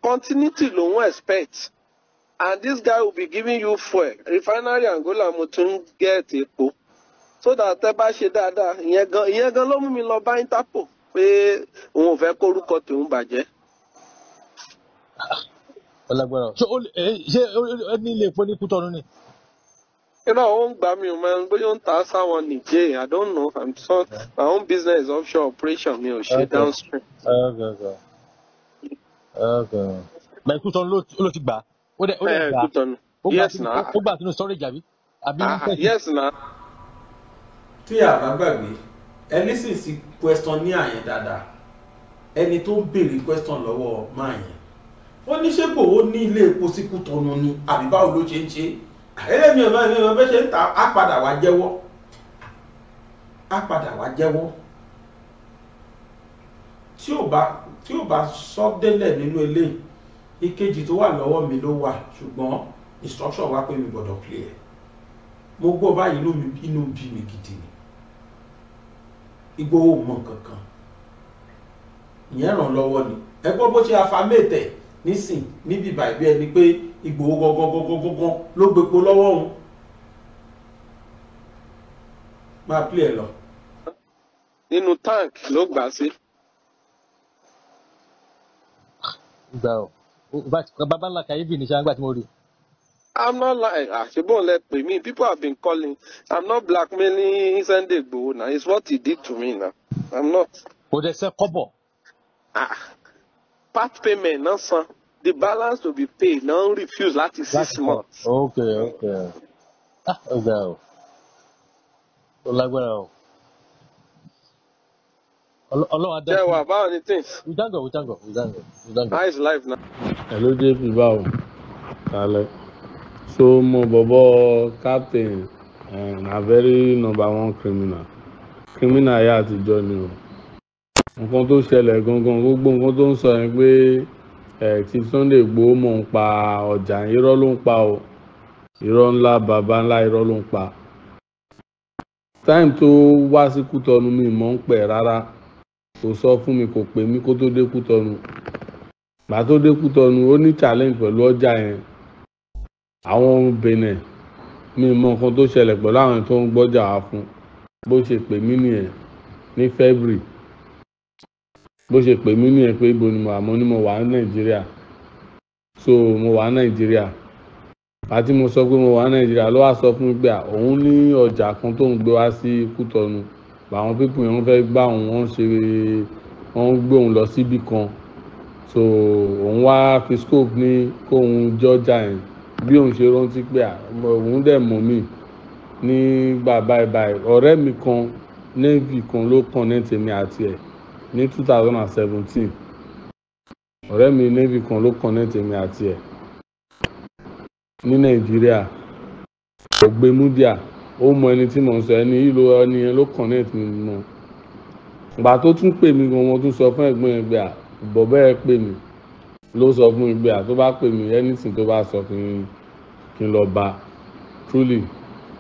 [SPEAKER 4] continuity lòun expect and this guy will be giving you fuel refinery Angola mo tún get epo so that tẹ bá ṣe dáadáa ìyẹn gan ìyẹn gan ló mú mi lọ bá Interpol pé òun ò fẹ́ kórúkọ tòun bàjẹ́. ọlágbára eh, ṣé ó ṣe ó ní ilé epo ní Kútọ́nù ni. irọ́ ó ń gbà mí o man bóyá ń ta sáwọn nìjẹ́ I don't know I'm sure my own business offshore operation mi ò ṣe downstream. okay okay okay. Kútọ́nù ló ti gbà á ó dẹ̀ ó dẹ̀ eh, gbà ó
[SPEAKER 1] gbà sínú storage àbí. Ah, yes na. tí àbá gbàgbé ẹni sì sí question ní àyẹn dáadáa ẹni tó ń béèrè question lọ́wọ́ máa yẹn ó ní ṣé kò ó ní ilé epo sí Kútọ̀nù ni àbí báwo ló ṣe ń ṣe ẹlẹ́mi ọ̀mọ́ ẹ̀mí ọ̀mọ́ bẹ́ẹ̀ ṣe ń ta á padà wá jẹ́wọ́ á padà wá jẹ́wọ́ tí ò bá tí ò bá sọ délẹ̀ nínú eléyìí ìkejì tó wà lọ́wọ́ mi ló wà ṣùgbọ́n instruction wá pé mi gbọ́dọ̀ clear mo gbọ́ báyìí inú bí mi gidi ni Ìgbòho mọ̀ kankan ìyẹn ràn lọ́wọ́ ni ẹ gbọ́ bó ṣe afamẹ́tẹ̀ nísìn níbi ìbàgbé ẹni pé Ìgbòho gangan ló gbépo lọ́wọ́ òun máa play ẹ lọ. nínú tank ló gbà sí.
[SPEAKER 4] gbà ọ́ babalá kàyéfì ní ṣáà ń gbà tí mo rí. I'm not lying. Àṣebọ̀n ah, lẹ pè me. People have been calling. I'm not blackmailing Sunday Igboho na. It's what he did to me na. I'm not.
[SPEAKER 1] Kò dẹ̀ sẹ́ kọ́bọ̀.
[SPEAKER 4] Ah, part payment náà san. The balance to be paid náà refuse láti six months. Okay, okay. Ah, ó ga o. Ó o. Olo- Ọlọ́run adá Ṣé sí. wà báwo ni things? We thank God, we thank God, we thank God, we thank God. How is life now?
[SPEAKER 5] Hello JP báwo? Kálẹ̀. So mo bọ̀bọ̀ captain eh, na very number one criminal. Criminal ayé àtijọ́ ni o. Nǹkan tó ṣẹlẹ̀ gangan gbogbo nǹkan tó ń sọ yẹn pé eh, Chief Sunday Igboho mọ̀ ń pa ọjà irọ́ ló ń pa o. Irọ́ ńlá bàbá ńlá irọ́ ló ń pa. Táìmù tó wá sí Kútọ́nu mi mọ̀ ń pẹ̀ rárá kò sọ fún mi kò pè mí kó tó dé Kútọ̀nù gbà tó dé Kútọ̀nù ó ní challenge pẹ̀lú ọjà yẹn àwọn Benin mi mọ nǹkan tó ṣẹlẹ̀ pẹ̀lú àwọn tó ń gbọ́jà wá fún bó ṣe pè mí nìyẹn ní February bó ṣe pè mí nìyẹn pé ibo ni mo wà mo ní mo wà ní Nàìjíríà so mo wà ní Nàìjíríà àti mo sọ pé mo wà ní Nàìjíríà ló wá sọ fún mi pé òun ní ọjà kan tó ń gbé wá sí Kútọ̀nù àwọn pípù yẹn wọ́n fẹ́ gbá òun wọ́n ṣe wọ́n gbé òun lọ síbì kan so òun wá fi scope ní kóun jọjà yẹn bí òun ṣe rántí pé òun dẹ̀ mọ̀ mí nígbà báyìí báyìí ọ̀rẹ́ mi kan navy kan ló connect èmi àti ẹ̀ ní two thousand and seventeen ọ̀rẹ́ mi navy kan ló connect èmi àti ẹ̀ ní nàìjíríà ọ̀gbẹ́múdíà ó mọ ẹni tí mò ń sọ ẹni yìí ló ẹni yẹn ló connect mi mọ́ ìgbà tó tún pè mí gan wọn tún sọ fún ẹ̀gbọ́n ẹ̀ pé bọ̀bẹ́ ẹ pè mí ló sọ fún mi pé tó bá pè mí anything tó bá sọ kí n lọ bá truly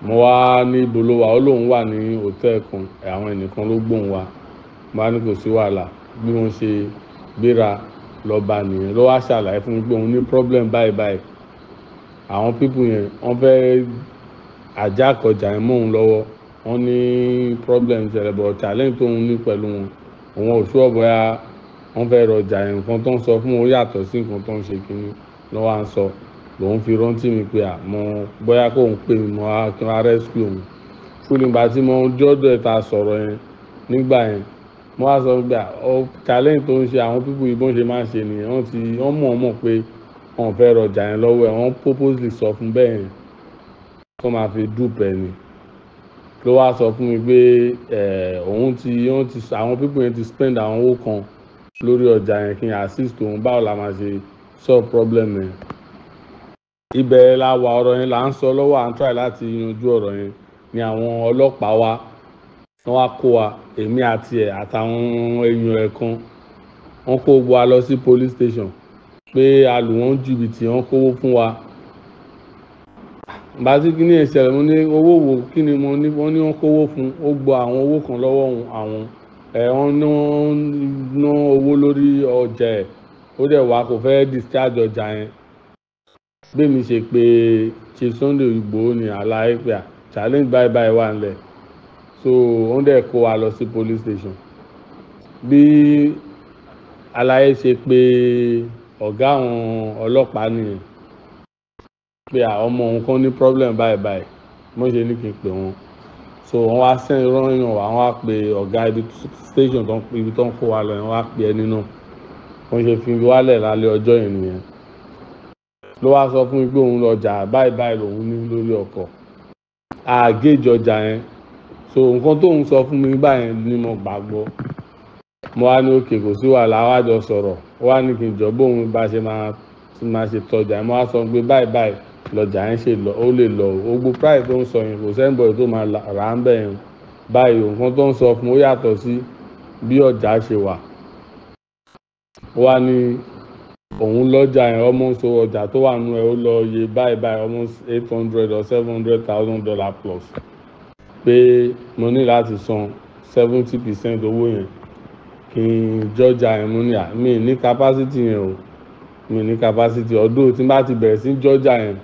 [SPEAKER 5] mo wá ní ibo ló wà ó lóun wà ní hòtẹ́ẹ̀ kan àwọn ẹnìkan ló gbóhùn wa mo bá ní kò sí wàhálà bí wọ́n ṣe gbéra lọ bá nìyẹn ló wá ṣàlàyé fún mi pé òun ní problem báyìí báyìí àwọn pípù yẹn wọ́n fẹ́ẹ́ ajá kọjá ẹ̀ mọ́ òun lọ́wọ́ wọ́n ní problem ṣẹlẹ̀ bọ̀ challenge tóun ní pẹ̀lú wọn òun ò ṣú ọ̀bọ̀ ya wọ́n fẹ́ rọjà ẹ̀ nǹkan tó ń sọ fún wọn yàtọ̀ sí nǹkan tó ń ṣe kínní lọ́wọ́ à ń sọ lòun fi rántí mi pé àmọ́ bóyá kóun pè mí mọ́ kí n wá rescue òun fúnibà tí mo ń jọ́dọ̀ ẹ̀ ta sọ̀rọ̀ yẹn nígbà yẹn mo wá sọ pé ọ challenge tó ń ṣe àwọn pípù ìbọn ṣe máa ń ṣe nìyẹn wọ́n ti wọ́n mọ̀ ọ́n mọ̀ pé wọ́n fẹ́ rọjà yẹn lọ́wọ́ ẹ̀ wọ́n purposely sọ fún bẹ́ẹ̀ yẹn kó máa fi dúpẹ́ ni ló wá sọ fún mi pé òun ti òun ti àwọn pípọ̀ yẹn ti spend àwọn owó kan lórí ọjà yẹn kí n assist òun báwo la máa ṣe solve problem yẹn ibẹ̀ la wà ọ̀rọ̀ yẹn là ń sọ lọ́wọ́ à ń try láti yanjú ọ̀rọ̀ yẹn ni àwọn ọlọ́pàá wa wọ́n wá kó wa èmi àti ẹ̀ àtàwọn èèyàn ẹ̀ kan wọ́n kó wa lọ sí police station pé a lù wọ́n jìbìtì wọ́n kówó fún wa bàtí kí ni ìṣẹ̀lẹ̀ mo ní owó wo kí ni mo ní wọ́n ní wọ́n kówó fún ó gba àwọn owó kan lọ́wọ́ àwọn ẹ̀ wọ́n ní wọ́n ná owó lórí ọjà ẹ̀ ó dẹ̀ wá kò fẹ́ discharge ọjà yẹn bẹ́ẹ̀mi ṣe pé chief Sunday Igboho ní àlàyé pé à challenge bye bye wà nílẹ̀ so wọ́n dẹ̀ kó wa lọ sí police station bí àlàyé ṣe pé ọ̀gá àwọn ọlọ́pàá nìyẹn pé ọmọ òun kan ní problem báyìí báyìí mo ṣe ní kí n pè wọn so wọn wá sẹ́yìn rọ́yìn wá wọn wá pe ọ̀gá ibi station ibi tó ń kó wa lọ yẹn wá pe ẹni náà wọn ṣe fi wálẹ̀ lálẹ́ ọjọ́ yẹn nìyẹn ló wá sọ fún mi pé òun lọ́jà báyìí báyìí lòun ní lórí ọkọ̀ àgéjì ọjà yẹn so nǹkan tóun sọ fún mi báyẹn ni mo gbàgbọ́ mo wá ní òkè kò sí wàhálà wájọ sọ̀rọ̀ wá ní kí n jọ bóun bá ṣe máa ṣe tọjà mo wá sọ pé báyìí báyìí lọ́jà yẹn ṣe lọ ó lè lọ gbogbo price tó ń sọ yẹn kò sẹ́ńbọ̀ tó máa rà ń bẹ̀ yẹn báyìí nǹkan tó ń sọ fún ó yàtọ̀ sí bí ọjà ṣe wà ó wá ní òun lọ́jà yẹn ọmọ ń so ọjà tó wà nù ẹ̀ ó lọ iye báyìí báyìí almost eight hundred or seven hundred thousand dollar plus pé mo ní láti san seventy percent owó yẹn kí n jọjà yẹn mo ní à mi ní capacity yẹn o mi ní capacity ọdún tí n bá ti bẹ̀rẹ̀ sí jọjà yẹn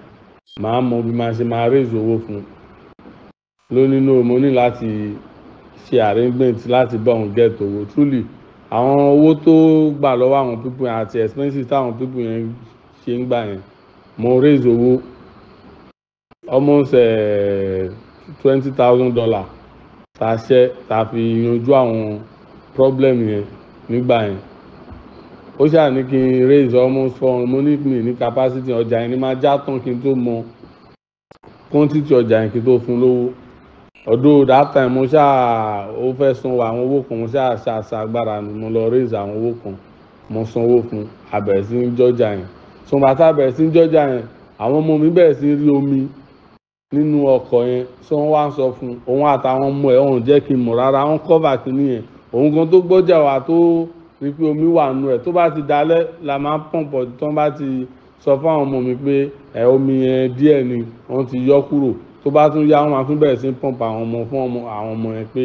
[SPEAKER 5] màá mọ bí màá ṣe máa raise owó fún un lónìí náà mo ní láti ṣe arrangement láti bá òun get owó truly àwọn owó tó gbà lọ́wọ́ àwọn pípọ̀ yẹn àti expenses táwọn pípọ̀ yẹn ṣe ń gbà yẹn mo raise owó almost eh, twenty thousand dollar tá a ṣe tá a fi yanjú àwọn problem yẹn nígbà yẹn ó ṣáà ní kí n raise almost four hundred mo ní mi ní capacity ọjà yẹn ni máa já tán kí n tó mọ quantity ọjà yẹn kí n tó fún lówó ọdún that time mo ṣáà ó fẹ́ san àwọn owó kan mo ṣáà ṣàṣàgbára ni mo lọ raise àwọn owó kan mo sanwó fún abẹ̀rẹ̀ sí ń jọjà yẹn sọmbàtà bẹ̀rẹ̀ sí ń jọjà yẹn àwọn ọmọ mi bẹ̀rẹ̀ sí rí omi nínú ọkọ̀ yẹn sọ wọ́n wá sọ fún òun àtàwọn ọmọ ẹ̀ ọ̀hún jẹ́ kí n mọ̀ rárá wọ́n cover wípé omi wà nù ẹ̀ tó bá ti dalẹ̀ la máa pọ̀npọ̀ tó bá ti sọ fáwọn ọmọ mi pé ẹ̀ omi yẹn díẹ̀ ni wọ́n ti yọ kúrò tó bá tún yá wọn àtúntò bẹ̀rẹ̀ sí pọ̀npọ̀ àwọn ọmọ fún àwọn ọmọ yẹn pé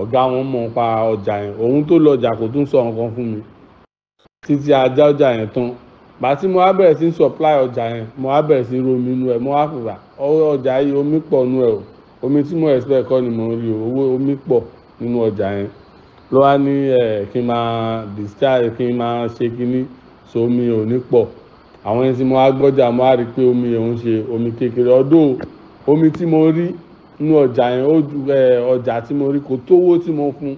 [SPEAKER 5] ọ̀gá wọn mọ̀ pa ọjà yẹn òun tó lọ ọjà kò tún sọ nǹkan fún mi títí ajá ọjà yẹn tán bàtí mo wá bẹ̀rẹ̀ sí supply ọjà yẹn mo wá bẹ̀rẹ̀ sí romi inú ẹ̀ mo wá pèpà ọjà yìí omi pọ̀ nù ẹ̀ o omi tí mo expect kọ́ ni mo rí o owó omi pọ̀ nínú ọjà yẹn ló wá ní ẹ kí n máa discharge kí n máa ṣe kínní so omi ò ní pọ̀ àwọn ẹni tí mo wá gbọ́jà mo wá rí i pé omi òun ṣe omi kékeré ọdún omi tí mo rí nínú ọjà yẹn ó ju ọjà tí mo rí kò tówó tí mo fún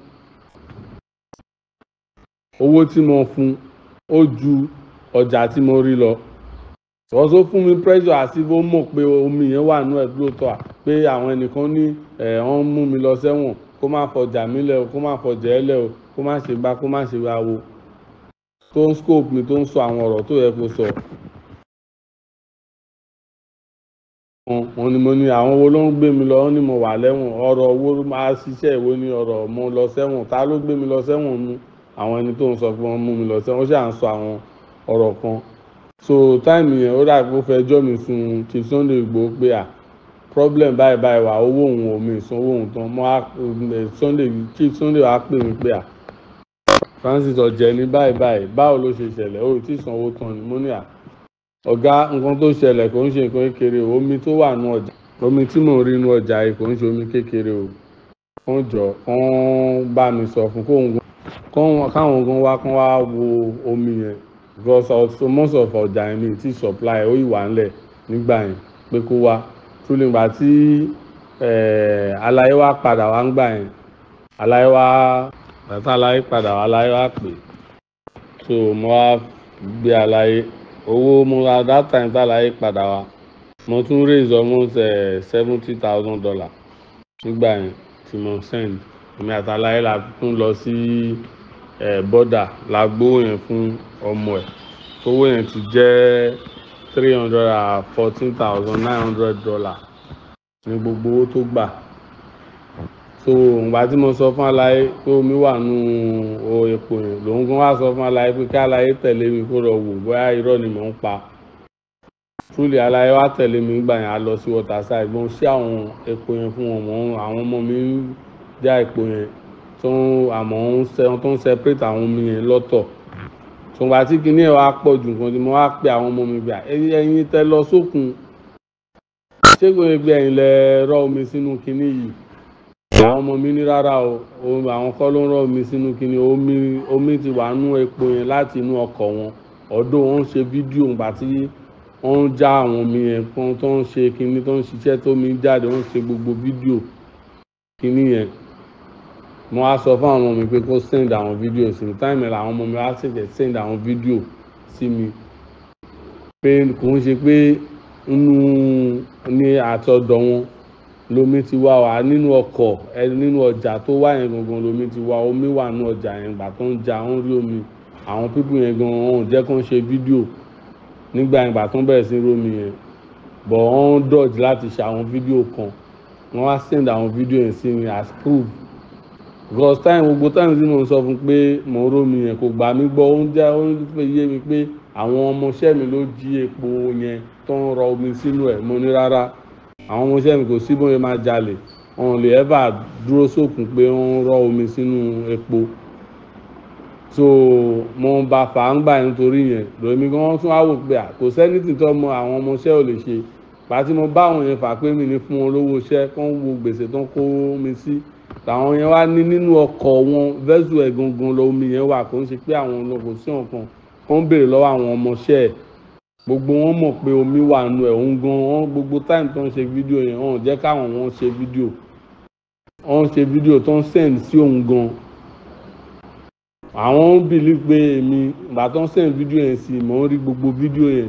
[SPEAKER 5] owó tí mo fún ó ju ọjà tí mo rí lọ wọ́n tó fún mi pressure àti bó mọ̀ pé omi yẹn wà nú ẹ̀ lóòótọ́ pé àwọn ẹnìkan ní ẹ̀ wọ́n mú mi lọ sẹ́wọ̀n kó má fọjà mí lẹ o kó má fọjà ẹ lẹ o kó má ṣe bá kó má ṣe bá wo tó ń scope mi tó ń sọ àwọn ọ̀rọ̀ tó yẹ kó sọ. wọ́n ní mo ní àwọn wo ló ń gbé mi lọ ó ní mo wà lẹ́wọ̀n ọ̀rọ̀ owó máa ṣiṣẹ́ ìwé ní ọ̀rọ̀ mo lọ sẹ́wọ̀n ta ló gbé mi lọ sẹ́wọ̀n mi àwọn ẹni tó ń sọ pé wọ́n mú mi lọ sẹ́wọ̀n ó ṣà ń sọ àwọn ọ̀rọ̀ kan so táìmì yẹn ó dà pé ó fẹ́ jọ́ mi sun Sunday Igboho pé à problem báyìí báyìí wà owó òun ò mi ìsanwó òun tán mo á eh, Sunday kí Sunday wàá pè mí pé à Francis ọ̀jẹ̀ ní báyìí báyìí báwo ló ṣe ṣẹlẹ̀ o tí ìsanwó tán ni mo ní à ọ̀gá nǹkan tó ṣẹlẹ̀ kò ń ṣe nǹkan kékeré omi tó wà nù ọjà omi tí mò ń rí nù ọjà yìí kò ń ṣe omi kékeré o wọ́n jọ wọ́n bá mi sọ fún kóhun káwọn gan wá kán wá wo omi yẹn because most of ọjà yẹn mi ti supply ó ìwà ńlẹ̀ nígbà yẹn pé kó wá tó lè gbà tí eh, aláyé wa padà wá ń gbà yẹn aláyé wa bàtà padà wá aláyé pè so mo wá gbé aláyé owó mo ra that time tá aláyé padà wá mo tún raise almost eh, seventy thousand dollar nígbà yẹn tí mo send èmi àtàláyé la tún lọ sí eh, bọ́dà la gbówó yẹn fún ọmọ ẹ̀ owó yẹn ti jẹ́ three hundred fourteen thousand nine hundred dollar ní gbogbo owó tó gbà so ìgbà tí mo sọ fún aláyé pé omi wà nù o epo yẹn lòun kan wá sọ fún aláyé pé kí aláyé tẹ̀lé mi kó lọ wò bóyá irọ́ ni mò ń pa truly aláyé wá tẹ̀lé mi gbà yẹn a lọ sí water side mo ṣí àwọn epo yẹn fún wọn mọ àwọn ọmọ mi ń já epo yẹn tó àmọ́ tó ń separate àwọn omi yẹn lọ́tọ̀ ṣùgbọ́n àti kìíní ẹ̀ wá pọ̀ jù nǹkan tí mo wá pe àwọn ọmọ mi gbà ẹ̀yin tẹ lọ sókun ṣé kò lè gbé ẹ̀yin lẹ rọ omi sínú kìíní yìí àwọn ọmọ mi ní rárá o àwọn kọ́ ló ń rọ omi sínú kìíní omi omi ti wà nú epo yẹn láti inú ọkọ̀ wọn ọ̀dọ̀ wọn ṣe fídíò ńgbà tí wọ́n ń já àwọn omi yẹn kan tó ń ṣe kìíní tó ń ṣiṣẹ́ tó jáde wọ́n ṣe gbogbo fídíò kìíní yẹn mo á sọ fún àwọn ọmọ mi pé kó send àwọn fídíò sí mi táìmì làwọn ọmọ mi á ṣẹ̀ṣẹ̀ send àwọn fídíò sí mi pé kò ń ṣe pé nínú ní àtọ̀dọ̀ wọn lomi ti wá wa nínú ọkọ̀ ẹ nínú ọjà tó wá yẹn gangan lomi ti wá omi wà nínú ọjà yẹn gbà tó ń ja wọn rí omi àwọn pípù yẹn gan wọn ò jẹ́ kó ń ṣe fídíò nígbà yẹn gbà tó ń bẹ̀rẹ̀ sí romi yẹn bọ̀ wọ́n dọ̀jì láti ṣe àwọn fídíò kan wọ́n wá send àwọn fídíò yẹn sí mi as proof because time gbogbo time tí mo ń sọ fún pé mo ń rómi yẹn kò gbà mí gbọ́ oúnjẹ oúnjẹ yé mi pé àwọn ọmọọṣẹ́ mi ló jí epo yẹn tó ń rọ omi sínú ẹ̀ mo ní rárá àwọn ọmọọṣẹ́ mi kò sí bóyá máa jalè wọn lè ẹ́bà dúró sókun pé wọ́n ń rọ omi sínú epo so mo ń ba fàǹgbà nítorí yẹn lómi gan wọ́n tún wá wò pé kò sẹ́ni tí tọ́ mọ àwọn ọmọọṣẹ́ ò lè ṣe pàtí mo bá àwọn yẹn fà pé mi ní fún wọn lówó iṣẹ́ kán wo gbèsè tán kó mi sí. Si àwọn yẹn wá ní nínú ọkọ̀ wọn vẹ́sù ẹ̀gangan lọ omi yẹn wà kó ń ṣe pé àwọn ọ̀nà kò sí ọ̀kan kó ń béèrè lọ́wọ́ àwọn ọmọọṣẹ́ ẹ̀ gbogbo wọn mọ̀ pé omi wà nù ẹ̀ òun gan wọn gbogbo táìmù tó ń ṣe fídíò yẹn wọn jẹ́ káwọn wọn ṣe fídíò wọn ṣe fídíò tó ń send sí òun gan àwọn ń believe pé èmi ìgbà tó ń send fídíò yẹn sí mò ń rí gbogbo fídíò yẹn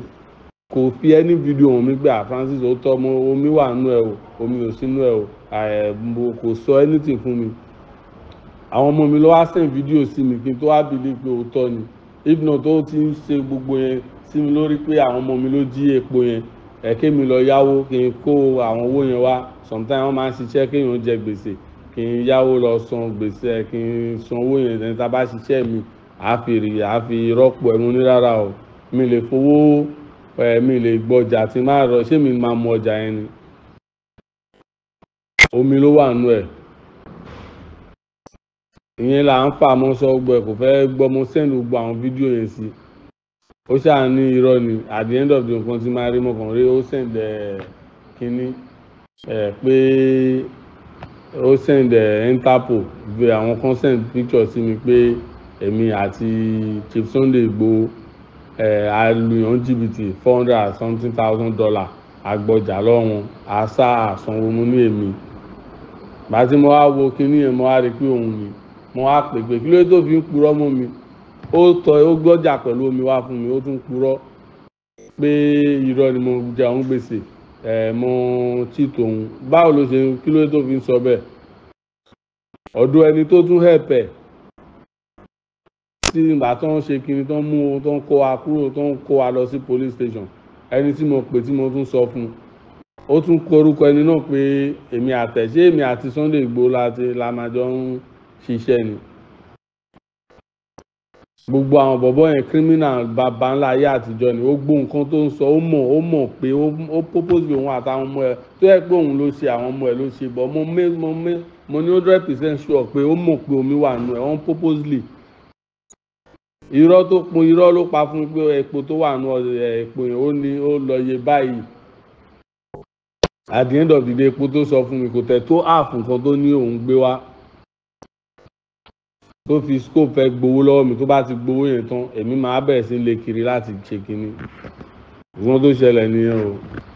[SPEAKER 5] kò fi ẹni fídíò wọn mi gbà Francis ó tọ́ ọmọ omi wà nù ẹ̀ o omi ò sínú ẹ̀ o mo kò sọ anything fún mi àwọn ọmọ mi ló wá send fídíò sí mi kí n tó wá believe pé òótọ́ ni if not ó ti ń ṣe gbogbo yẹn sí mi lórí pé àwọn ọmọ mi ló jí epo yẹn ẹ̀kẹ́ mi lọ yáwó kí n kó àwọn owó yẹn wá sometimes wọ́n máa ń ṣiṣẹ́ kéèyàn jẹ gbèsè kí n yáwó lọ san gbèsè kí n san owó yẹn ní tá a bá ṣiṣẹ́ mi àfìrí àfi rọ́pò ẹ̀rún ní rárá o mi lè fowó ẹ̀ mi lè gbọ́jà tí máa rọ ṣé mi máa mú ọjà yẹn ni omi ló wà nù ẹ̀ ìyẹn là ń fà mọ́ sọ gbọ́ ẹ̀ kò fẹ́ gbọ́ mo send gbogbo àwọn fídíò yẹn sí ó ṣáà ní irọ́ ni at the end of the nǹkan tí máa rí mo rí ó send kínní ẹ̀ pé ó send interpol bí àwọn kan send picture sí mi pé èmi àti Chief Sunday Igboho ẹ̀ alùyàn jìbìtì four hundred and something thousand dollar àgbọjà lọ́wọ́n àṣà àsanwó mú ní èmi gbàtí mo wá wo kinní yẹn mo wá rí pé òun ni mo wá pè pé kí ló tó fi ń purọ́ mọ́ mi ó tọ ó gbọ́jà pẹ̀lú omi wá fún mi ó tún purọ́ pé irọ́ ni mo jẹ òun gbèsè ẹ̀ mo tí tòun báwo ló ṣe kí ló tó fi ń sọ bẹ́ẹ̀ ọ̀dọ̀ ẹni tó tún hẹ̀pẹ̀ tí ìgbà tó ń ṣe kinní tó ń mú tó ń kó wa kúrò tó ń kó wa lọ sí police station ẹni tí mo pè tí mo tún sọ fún un ó tún kọ orúkọ ẹni náà pé èmi àtẹ̀sí èmi àti Sunday Igboho láti lamajọ ń ṣiṣẹ́ ni gbogbo àwọn bọ̀bọ̀ yẹn criminal bàbá ńlá ayé àtijọ́ ni ó gbó nǹkan tó ń sọ ó mọ̀ ó mọ̀ pé ó propose bí òun àtàwọn ọmọ ẹ tó yẹ pé òun ló ṣe àwọn ọmọ ẹ ló ṣe bọ́ mo mé mo mé mo ní hundred percent sure pé ó mọ̀ pé omi wà nù ẹ̀ wọ́n purposely irọ́ tó pun irọ́ ló pa fún pé epo tó wà nù epo yẹn ó ní ó lọ yẹ báyìí at the end of the day epo tó sọ fún mi kò tẹ̀ tó half nǹkan tó ní òun gbé wá tó fi scope fẹ́ gbowó lọ́wọ́ mi tó bá ti gbowó yẹn tán èmi máa bẹ̀rẹ̀ sí lé kiri láti ṣe kinní ìwọ́n tó ṣẹlẹ̀ nìyẹn o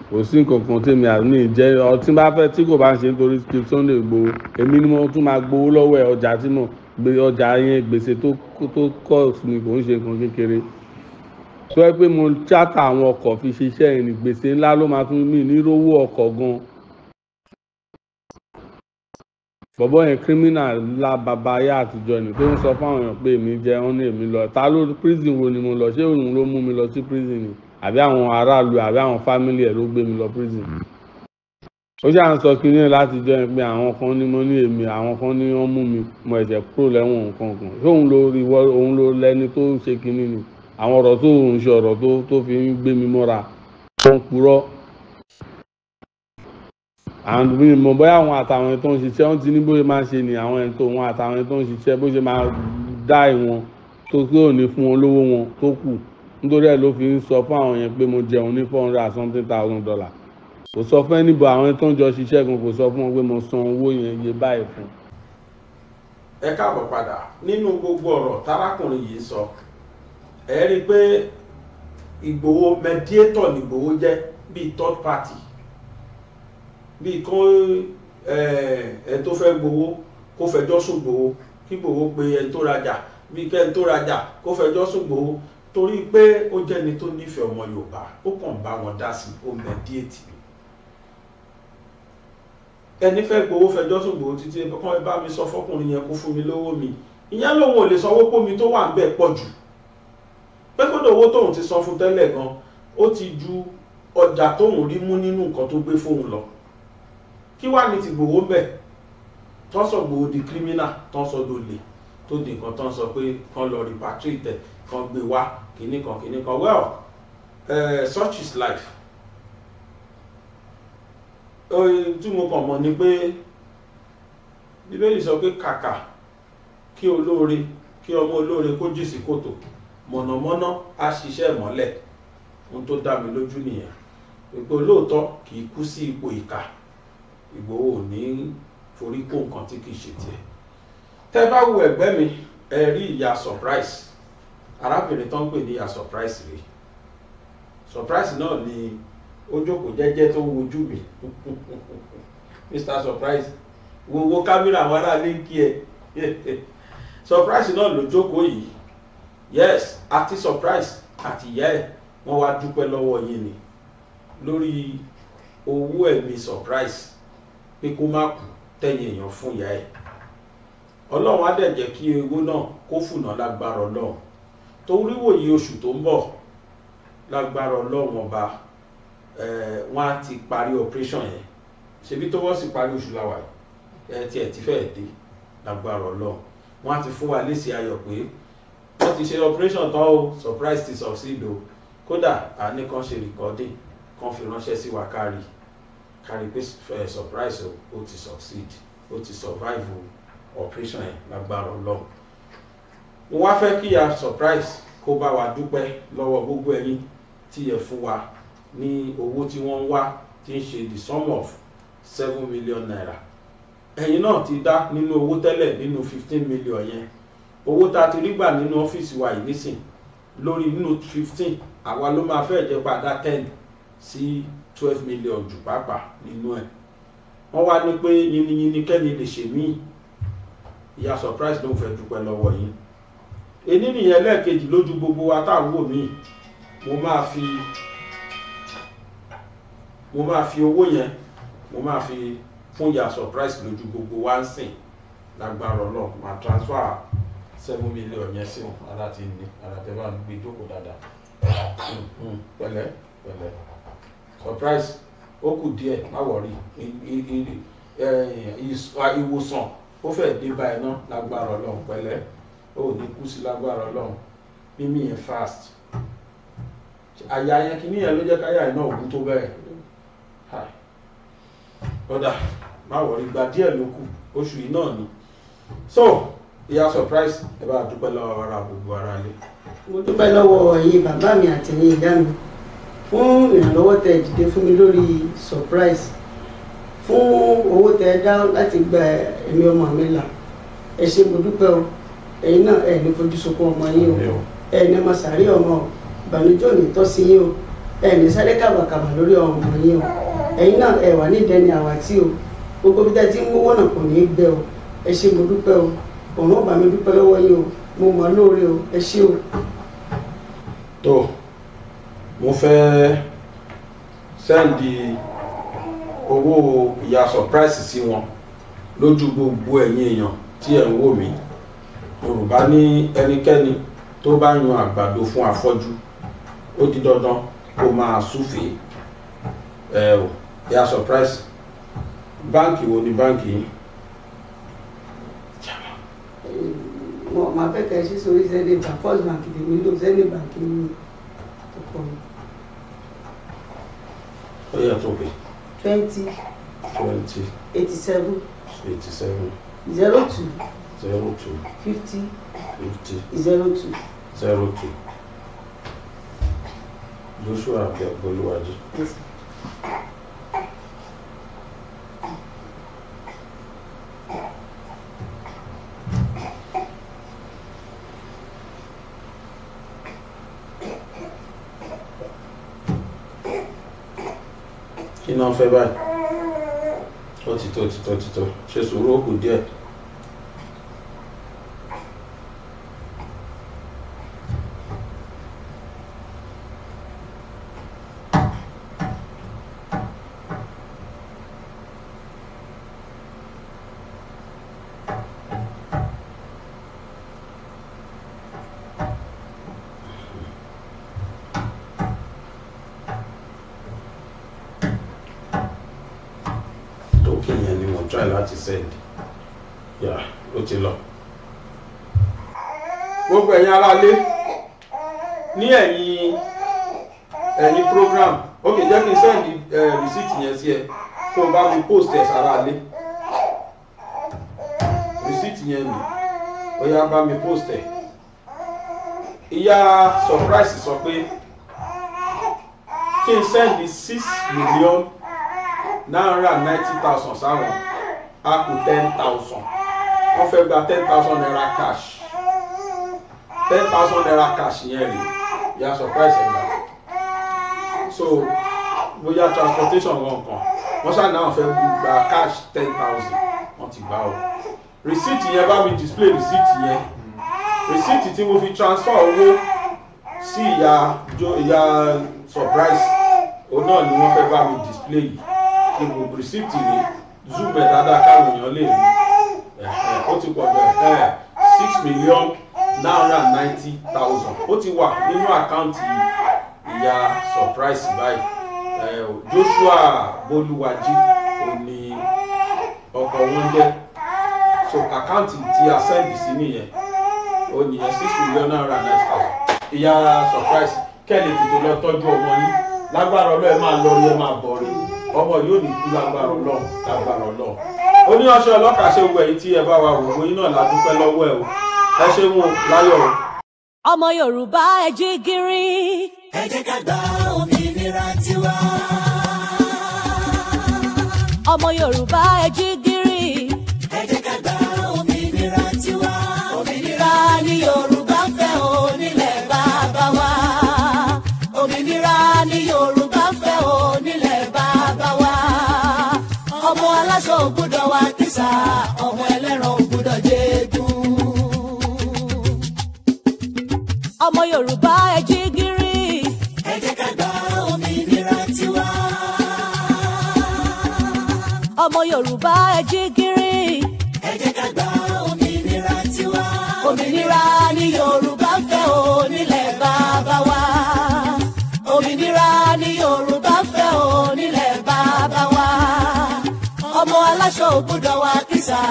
[SPEAKER 5] kò sí nǹkan kan tèmi àní ìjẹ́ ọtí bá fẹ́ tí kò bá ń ṣe nítorí kí Sunday gbowó èmi ni mo tún máa gbowó lọ́wọ́ ẹ̀ ọjà tí mo gbé ọjà yẹn gbèsè tó kọ́ mi kò ń ṣe nǹkan kékeré sọ pé mo chata àwọn ọkọ̀ fi ṣiṣẹ́ ìrìn gbèsè ńlá ló máa tún mí nírówó ọkọ̀ gan bọ̀bọ̀ yẹn kírímínà ńlá bàbá ayé àtijọ́ ni tó ń sọ fáwọn èèyàn pé èmi jẹ ọ́n ní èmi lọ ta ló prison wo ni mo lọ ṣé òun ló mú mi lọ sí prison ni àbí àwọn aráàlú àbí àwọn fámìlì ẹ̀ ló gbé mi lọ prison ó ṣáà ń sọ kinní látijọ́ yẹn pé àwọn kan ní mo ní èmi àwọn kan ní wọ́n mú mi mo ẹ̀jẹ̀ kúrò lẹ́wọ̀n nǹkan kan ṣé òun ló rí òun ló lẹ́ni tó ṣe kinní ni àwọn ọ̀rọ̀ tó ń ṣe ọ̀rọ̀ tó tó fi ń gbé mi mọ́ra tó ń purọ́ àwọn mi mọ̀ bóyá àwọn àtàwọn tó ń ṣiṣẹ́ wọ́n ti ní bó ṣe máa ṣe ni àwọn ẹni tó wọn àtàwọn tó ń ṣiṣẹ́ bó ṣe máa dá ìwọ̀n tó kí ò ní fún wọn lówó wọn tó kù nítorí ẹ̀ ló fi ń sọ fún àwọn yẹn pé mo jẹun ní four hundred and something thousand dollar. kò sọ fún ẹnìbọ àwọn tó ń jọ ṣiṣẹ́ kan kò sọ fún wọn pé mo san owó yẹn iye báyìí fún.
[SPEAKER 1] ẹ káàbọ̀ padà nínú gbogbo ọ̀rọ̀ tárákùnrin yìí sọ ẹ rí i pé Ìgbòho mediator ni Ìgbòho jẹ́ bíi third party bíi kán ẹ tó fẹ́ gbowó kó fẹjọ́ sùn Ìgbòho kí Ìgbòho pe ẹ tó rajà bíi kẹ́ ẹ tó rajà kó fẹjọ́ sùn Ìgbòho torí pé ó jẹ́ni tó nífẹ̀ẹ́ ọmọ Yorùbá ó kàn bá wọn dá sí ó mediate ni ẹni fẹ́ gbowó fẹjọ́ sùn Ìgbòho títí kán ẹ bá mi sọ fọkùnrin yẹn kó fún mi lówó mi ìyẹn lòun ò lè sanwó pómi tó wà ń bẹ̀ pọ̀ jù pé kódà owó tóun ti san fún tẹ́lẹ̀ gan ó ti ju ọjà tóun rí mú nínú nǹkan tó gbé fóun lọ kí wàá ní ti gbòwó bẹ̀ tọ́sọ̀ gbòwó di kírímínà tọ́sọ̀ dolè tó di nǹkan tán sọ pé kán lọ repatriate kán gbé wá kìíní kan kìíní kan well uh, such is life tí mo kàn mọ̀ ni pé bíbélì sọ pé kàkà kí olóore kí ọmọ olóore kó jì sí kòtò mọ̀nàmọ́ná á ṣiṣẹ́ ìmọ́lẹ̀ ohun tó dá mi lójú nìyẹn pé olóòótọ́ kì í kú sí ipò ìkà Ìgbòho ò ní forí kó nǹkan tí kì í ṣe tiẹ̀ tẹ́ bá wo ẹ̀gbẹ́ mi ẹ rí ìyá surprise arábìnrin tó ń pè ní ìyá surprise rèé surprise náà ni ó jókòó jẹ́jẹ́ tó wojú mi mr surprise wo wo kámẹ́rà àwọn aráalé ń kí ẹ surprise náà ló jókòó yìí yes ati surprise ati ìyá ẹ̀ wọ́n wá dúpẹ́ lọ́wọ́ yín ni lórí owó ẹ̀mí surprise pé kó má kú tẹ̀yìn èèyàn fún ìyá ẹ̀ ọlọ́run á dẹ̀ jẹ́ kí owó náà kó fùnà lágbára ọlọ́run torí wòye oṣù tó ń bọ̀ lágbára ọlọ́run ọba wọ́n á ti parí operation yẹn ṣebí tó wọ́n sì parí oṣù làwà ẹ̀ tiẹ̀ ti fẹ́ẹ̀ dé lágbára ọlọ́run wọ́n á ti fún wa léṣe ayọ̀ pé wọ́n ti ṣe operation tán o surprise ti succeed o kódà àní kan ṣe recording kan fi ránṣẹ́ sí wa kárí kárí pé eh, surprise o ó ti succeed ó ti survive o operation yẹn lágbára ọlọ́run mo wá fẹ́ kí a surprise kó bá wa dúpẹ́ lọ́wọ́ gbogbo ẹ̀yin tí ẹ fún wa ní owó tí wọ́n ń wá tí ń ṣe the sum of seven million naira ẹ̀yin náà ti dá nínú owó tẹ́lẹ̀ nínú fifteen million yẹn owó ta a ti rí gbà nínú ọ́fíìsì wa yìí nísìn lórí note fifteen àwa ló máa fẹ́ jẹ́ padà ten sí twelve million jù pàápàá nínú ẹ̀ wọ́n wá ní pé yìnyínyìnyín kẹ́ni lè ṣe míì ìyá surprise ló ń fẹ́ dúpẹ́ lọ́wọ́ yìí ení nìyẹn lẹ́ẹ̀kejì lójú gbogbo wa tá à ń wò mí mo máa fi mo máa fi owó yẹn mo máa fi fún ìyá surprise lójú gbogbo wa ń sìn lágbára ọlọ́run máa transfer seven million yẹn sí wọn ara ti ní ara tẹ bá ń gbé jókòó dáadáa hmm, hmm. pẹ̀lẹ́ pẹ̀lẹ́ surprise ó kù díẹ̀ má wọrí ìwòsàn ó fẹ́ dé báyìí náà lágbára ọlọ́run pẹ̀lẹ́ ó ní kú sí lágbára ọlọ́run mímí yẹn fast àyà yẹn kìíní yẹn ló jẹ́ káyà yẹn náà ògùn tó bẹ́ẹ̀ ọ̀dà má wọrí gbà díẹ̀ ló kù oṣù yìí náà ni so ìyá surprise ẹ bá dúpẹ́ lọ́wọ́ ara gbogbo ara ilé.
[SPEAKER 3] mo dúpẹ́ lọ́wọ́ ẹ̀yin bàbá mi àti ẹ̀yin ìyá mi fún ìrànlọ́wọ́ tẹ dìde fún mi lórí surprise fún owó tẹ dá láti gba ẹ̀mí ọmọ mi là ẹ ṣé mo dúpẹ́ o ẹ̀yin náà ẹ̀ ní fojú sunkún ọmọ yín o ẹ̀ ní ọmọ sàárè ọmọ o ìbànújẹ́ ò ní tọ́ sí yín o ẹ̀ ní sáré kàbàkàbà lórí ọmọ yín o ẹ̀yin náà ẹ̀ wà ní ìdẹ́ni àwátì o gbogbo bí tẹ́ ń mówó náà kò ní í gbẹ o ẹ ṣé mo dúpẹ́ o òun ọba mi dúpẹ́ lọ́wọ́ yín o mo mọ̀ lóore o ẹ ṣé o.
[SPEAKER 1] tó mo fẹ́ sẹ́ndì owó ìyá surprise sí wọn lójú gbogbo ẹ̀yin èèyàn tí ẹ̀ ń wò mí yorùbá ní ẹnikẹ́ni tó bá yan àgbàdo fún afọ́jú ó di dandan kó máa súfèé ẹ ò ìyá surprise báǹkì wo ni báǹkì yìí.
[SPEAKER 3] wọn máa fẹ́ kẹ́ ẹ ṣí sórí zenith bank first bank lèmi lò zenith bank ni àtọkọ mi. ó yà tó bẹ̀. twenty. twenty. eighty seven. eighty seven. zero
[SPEAKER 1] two. zero two. fifty. fifty. zero two. zero two. Joshua Abdul Boluwaji. Yes. náà fẹ́ báyìí ó ti tó ti tó ti tó ṣe sùúrù ó díẹ̀. ó ti lọ. gbogbo ẹ̀yin aráalé ní ẹ̀yìn ẹ̀yìn program ok jẹ́ kí n sẹ́ndì eh, receipt yẹn sí ẹ kó o bá mi post ẹ̀ sáráalé Receipt yẹn nì ó yá bá mi post ẹ̀ ìyá surprise sọ pé kí n sẹ́ndì six million náírà ninety thousand sáwọn a kù ten thousand wọ́n fẹ́ gba ten thousand naira cash ten thousand naira cash yẹn rè ya surprise ẹ̀ gbà so bóyá transportation wọn kan wọ́n ṣáà náà fẹ́ gba cash ten thousand wọ́n ti gbà ó receipt yẹn bá mi display receipt yẹn receipt tí mo fi transfer owó sí ìyá ìyá surprise òun náà ni wọ́n fẹ́ bá mi display yìí kí mo receipt rè zoom ẹ̀ dáadáa káwọn èèyàn lè rí i ó ti wọ ẹ six million naira ninety thousand ó ti wà nínú àkáǹtì ìyá surprise báyìí Joshua Bolúwàjí ó ní ọkọ wọn jẹ so àkáǹtì tí a sẹ́ǹdì sí nìyẹn ó nìyẹn six million naira ninety thousand ìyá surprise kẹ́lẹ̀ tètè lọ tọ́jú ọmọ yín lágbára ọlọ́ọ̀ ẹ máa lọ rí ẹ máa bọ̀ rí ọmọ yóò ní kú lágbára ọlọ́ọ̀ lágbára ọlọ́ọ̀ ó ní ọṣẹ ọlọ́kà ṣe wẹ̀ yìí tí ẹ bá wa wò ó iná la lọ́wọ́ ẹ o ẹ ṣe mú láyọ̀ o.
[SPEAKER 6] ọmọ yorùbá ẹ jí gírí. ẹ jẹ́ ká gba òmìnira tiwa. ọmọ yorùbá ẹ jí gírí. ọmọ Yorùbá ẹ jí gìrì. ẹ jẹ́ ká gba òmìnira tiwa. òmìnira ni Yorùbá fẹ́ o nílẹ̀ bàbá wa. òmìnira ni Yorùbá fẹ́ o nílẹ̀ bàbá wa. ọmọ aláṣọ ògbúdọ̀ wa kìsà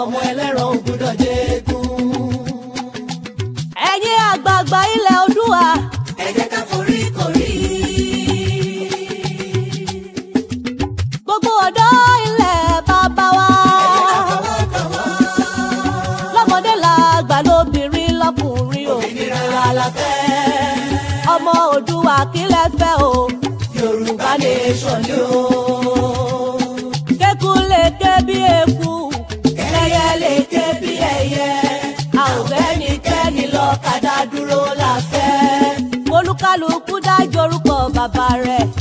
[SPEAKER 6] ọmọ ẹlẹ́rọ ògbúdọ̀ jẹ́. fẹ́fẹ́ o. Yorùbá nation ni o. Kékun lè ké bí eku. Kẹ́yẹ lè ké bí ẹyẹ. A ò fẹ́ ni kẹ́ni lọ́kadà dúró la fẹ́. Olúkálùkù dá jorúkọ bàbá rẹ̀.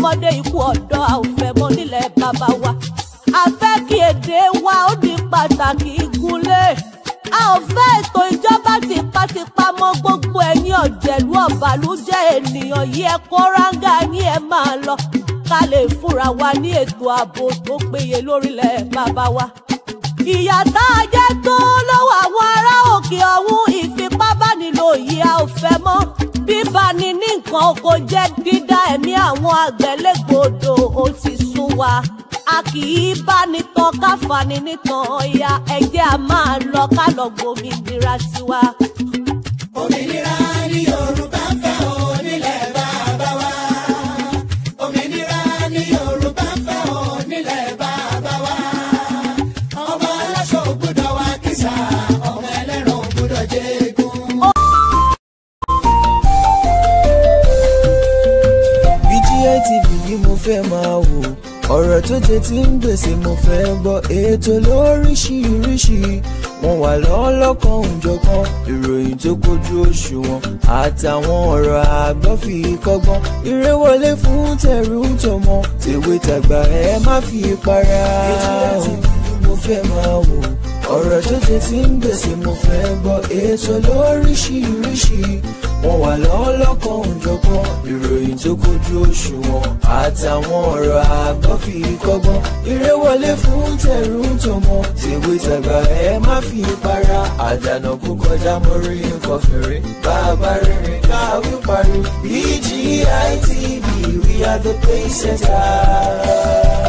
[SPEAKER 6] ọmọdé ikú ọ̀dọ́ a ò fẹ́ mọ́ nílẹ̀ bàbá wa. a fẹ́ kí èdè wa ó di pàtàkì ìgúnlẹ̀. a ò fẹ́ ètò ìjọba tipátipá mọ́ gbogbo ẹ̀yin ọ̀jẹ̀lú ọ̀bàlújẹ́ ènìyàn yìí ẹ kó ráńgà ní ẹ máa lọ. ká lè fúnra wa ní ètò ààbò tó péye lórílẹ̀ bàbá wa. ìyà tá a jẹ́ tó lọ́wọ́ àwọn ará òkè ọ̀hún ìfipábánilò yìí a ò fẹ́ mọ́ bíbá ni ní nǹkan oko jẹ́ dídá ẹ̀mí àwọn àgbẹ̀lẹ́gbòdo ó ti sún wa a kì í bá ní tán káfani nìkan ọ̀ya ẹ̀jẹ̀ a máa lọ ká lọ gbòmìnira tiwa. òmìnira.
[SPEAKER 7] fẹ́ máa wò ọ̀rọ̀ tó jẹ ti ń gbèsè mo fẹ́ gbọ́ ètò lóríṣiríṣi wọn wà lọ́lọ́kan òjọ̀kan ìròyìn tó kojú òṣùwọ̀n àtàwọn ọ̀rọ̀ àgbọ́ fi kọ́gbọ́n eré wọlé fún tẹrú tọmọ tèwe tàgbà ẹ má fi para. ètò ẹ ti bá mo fẹ́ máa wò ọ̀rọ̀ tó jẹ ti ń gbèsè mo fẹ́ gbọ́ ètò lóríṣiríṣi wọn wà lọ́wọ́ lọ́kàn òjọ̀gbọ́n ìròyìn tó kojú òṣùwọ̀n àtàwọn ọ̀rọ̀ àgbọ́ fi kọ́gbọ́n eré wọlé fún tẹ̀rù tọmọ tèwe tàgbà ẹ má fi para àdànà kó kọjá mo rí nǹkan fèrè bàbá rìnrìn káwí parí BGI TV we are the pace setters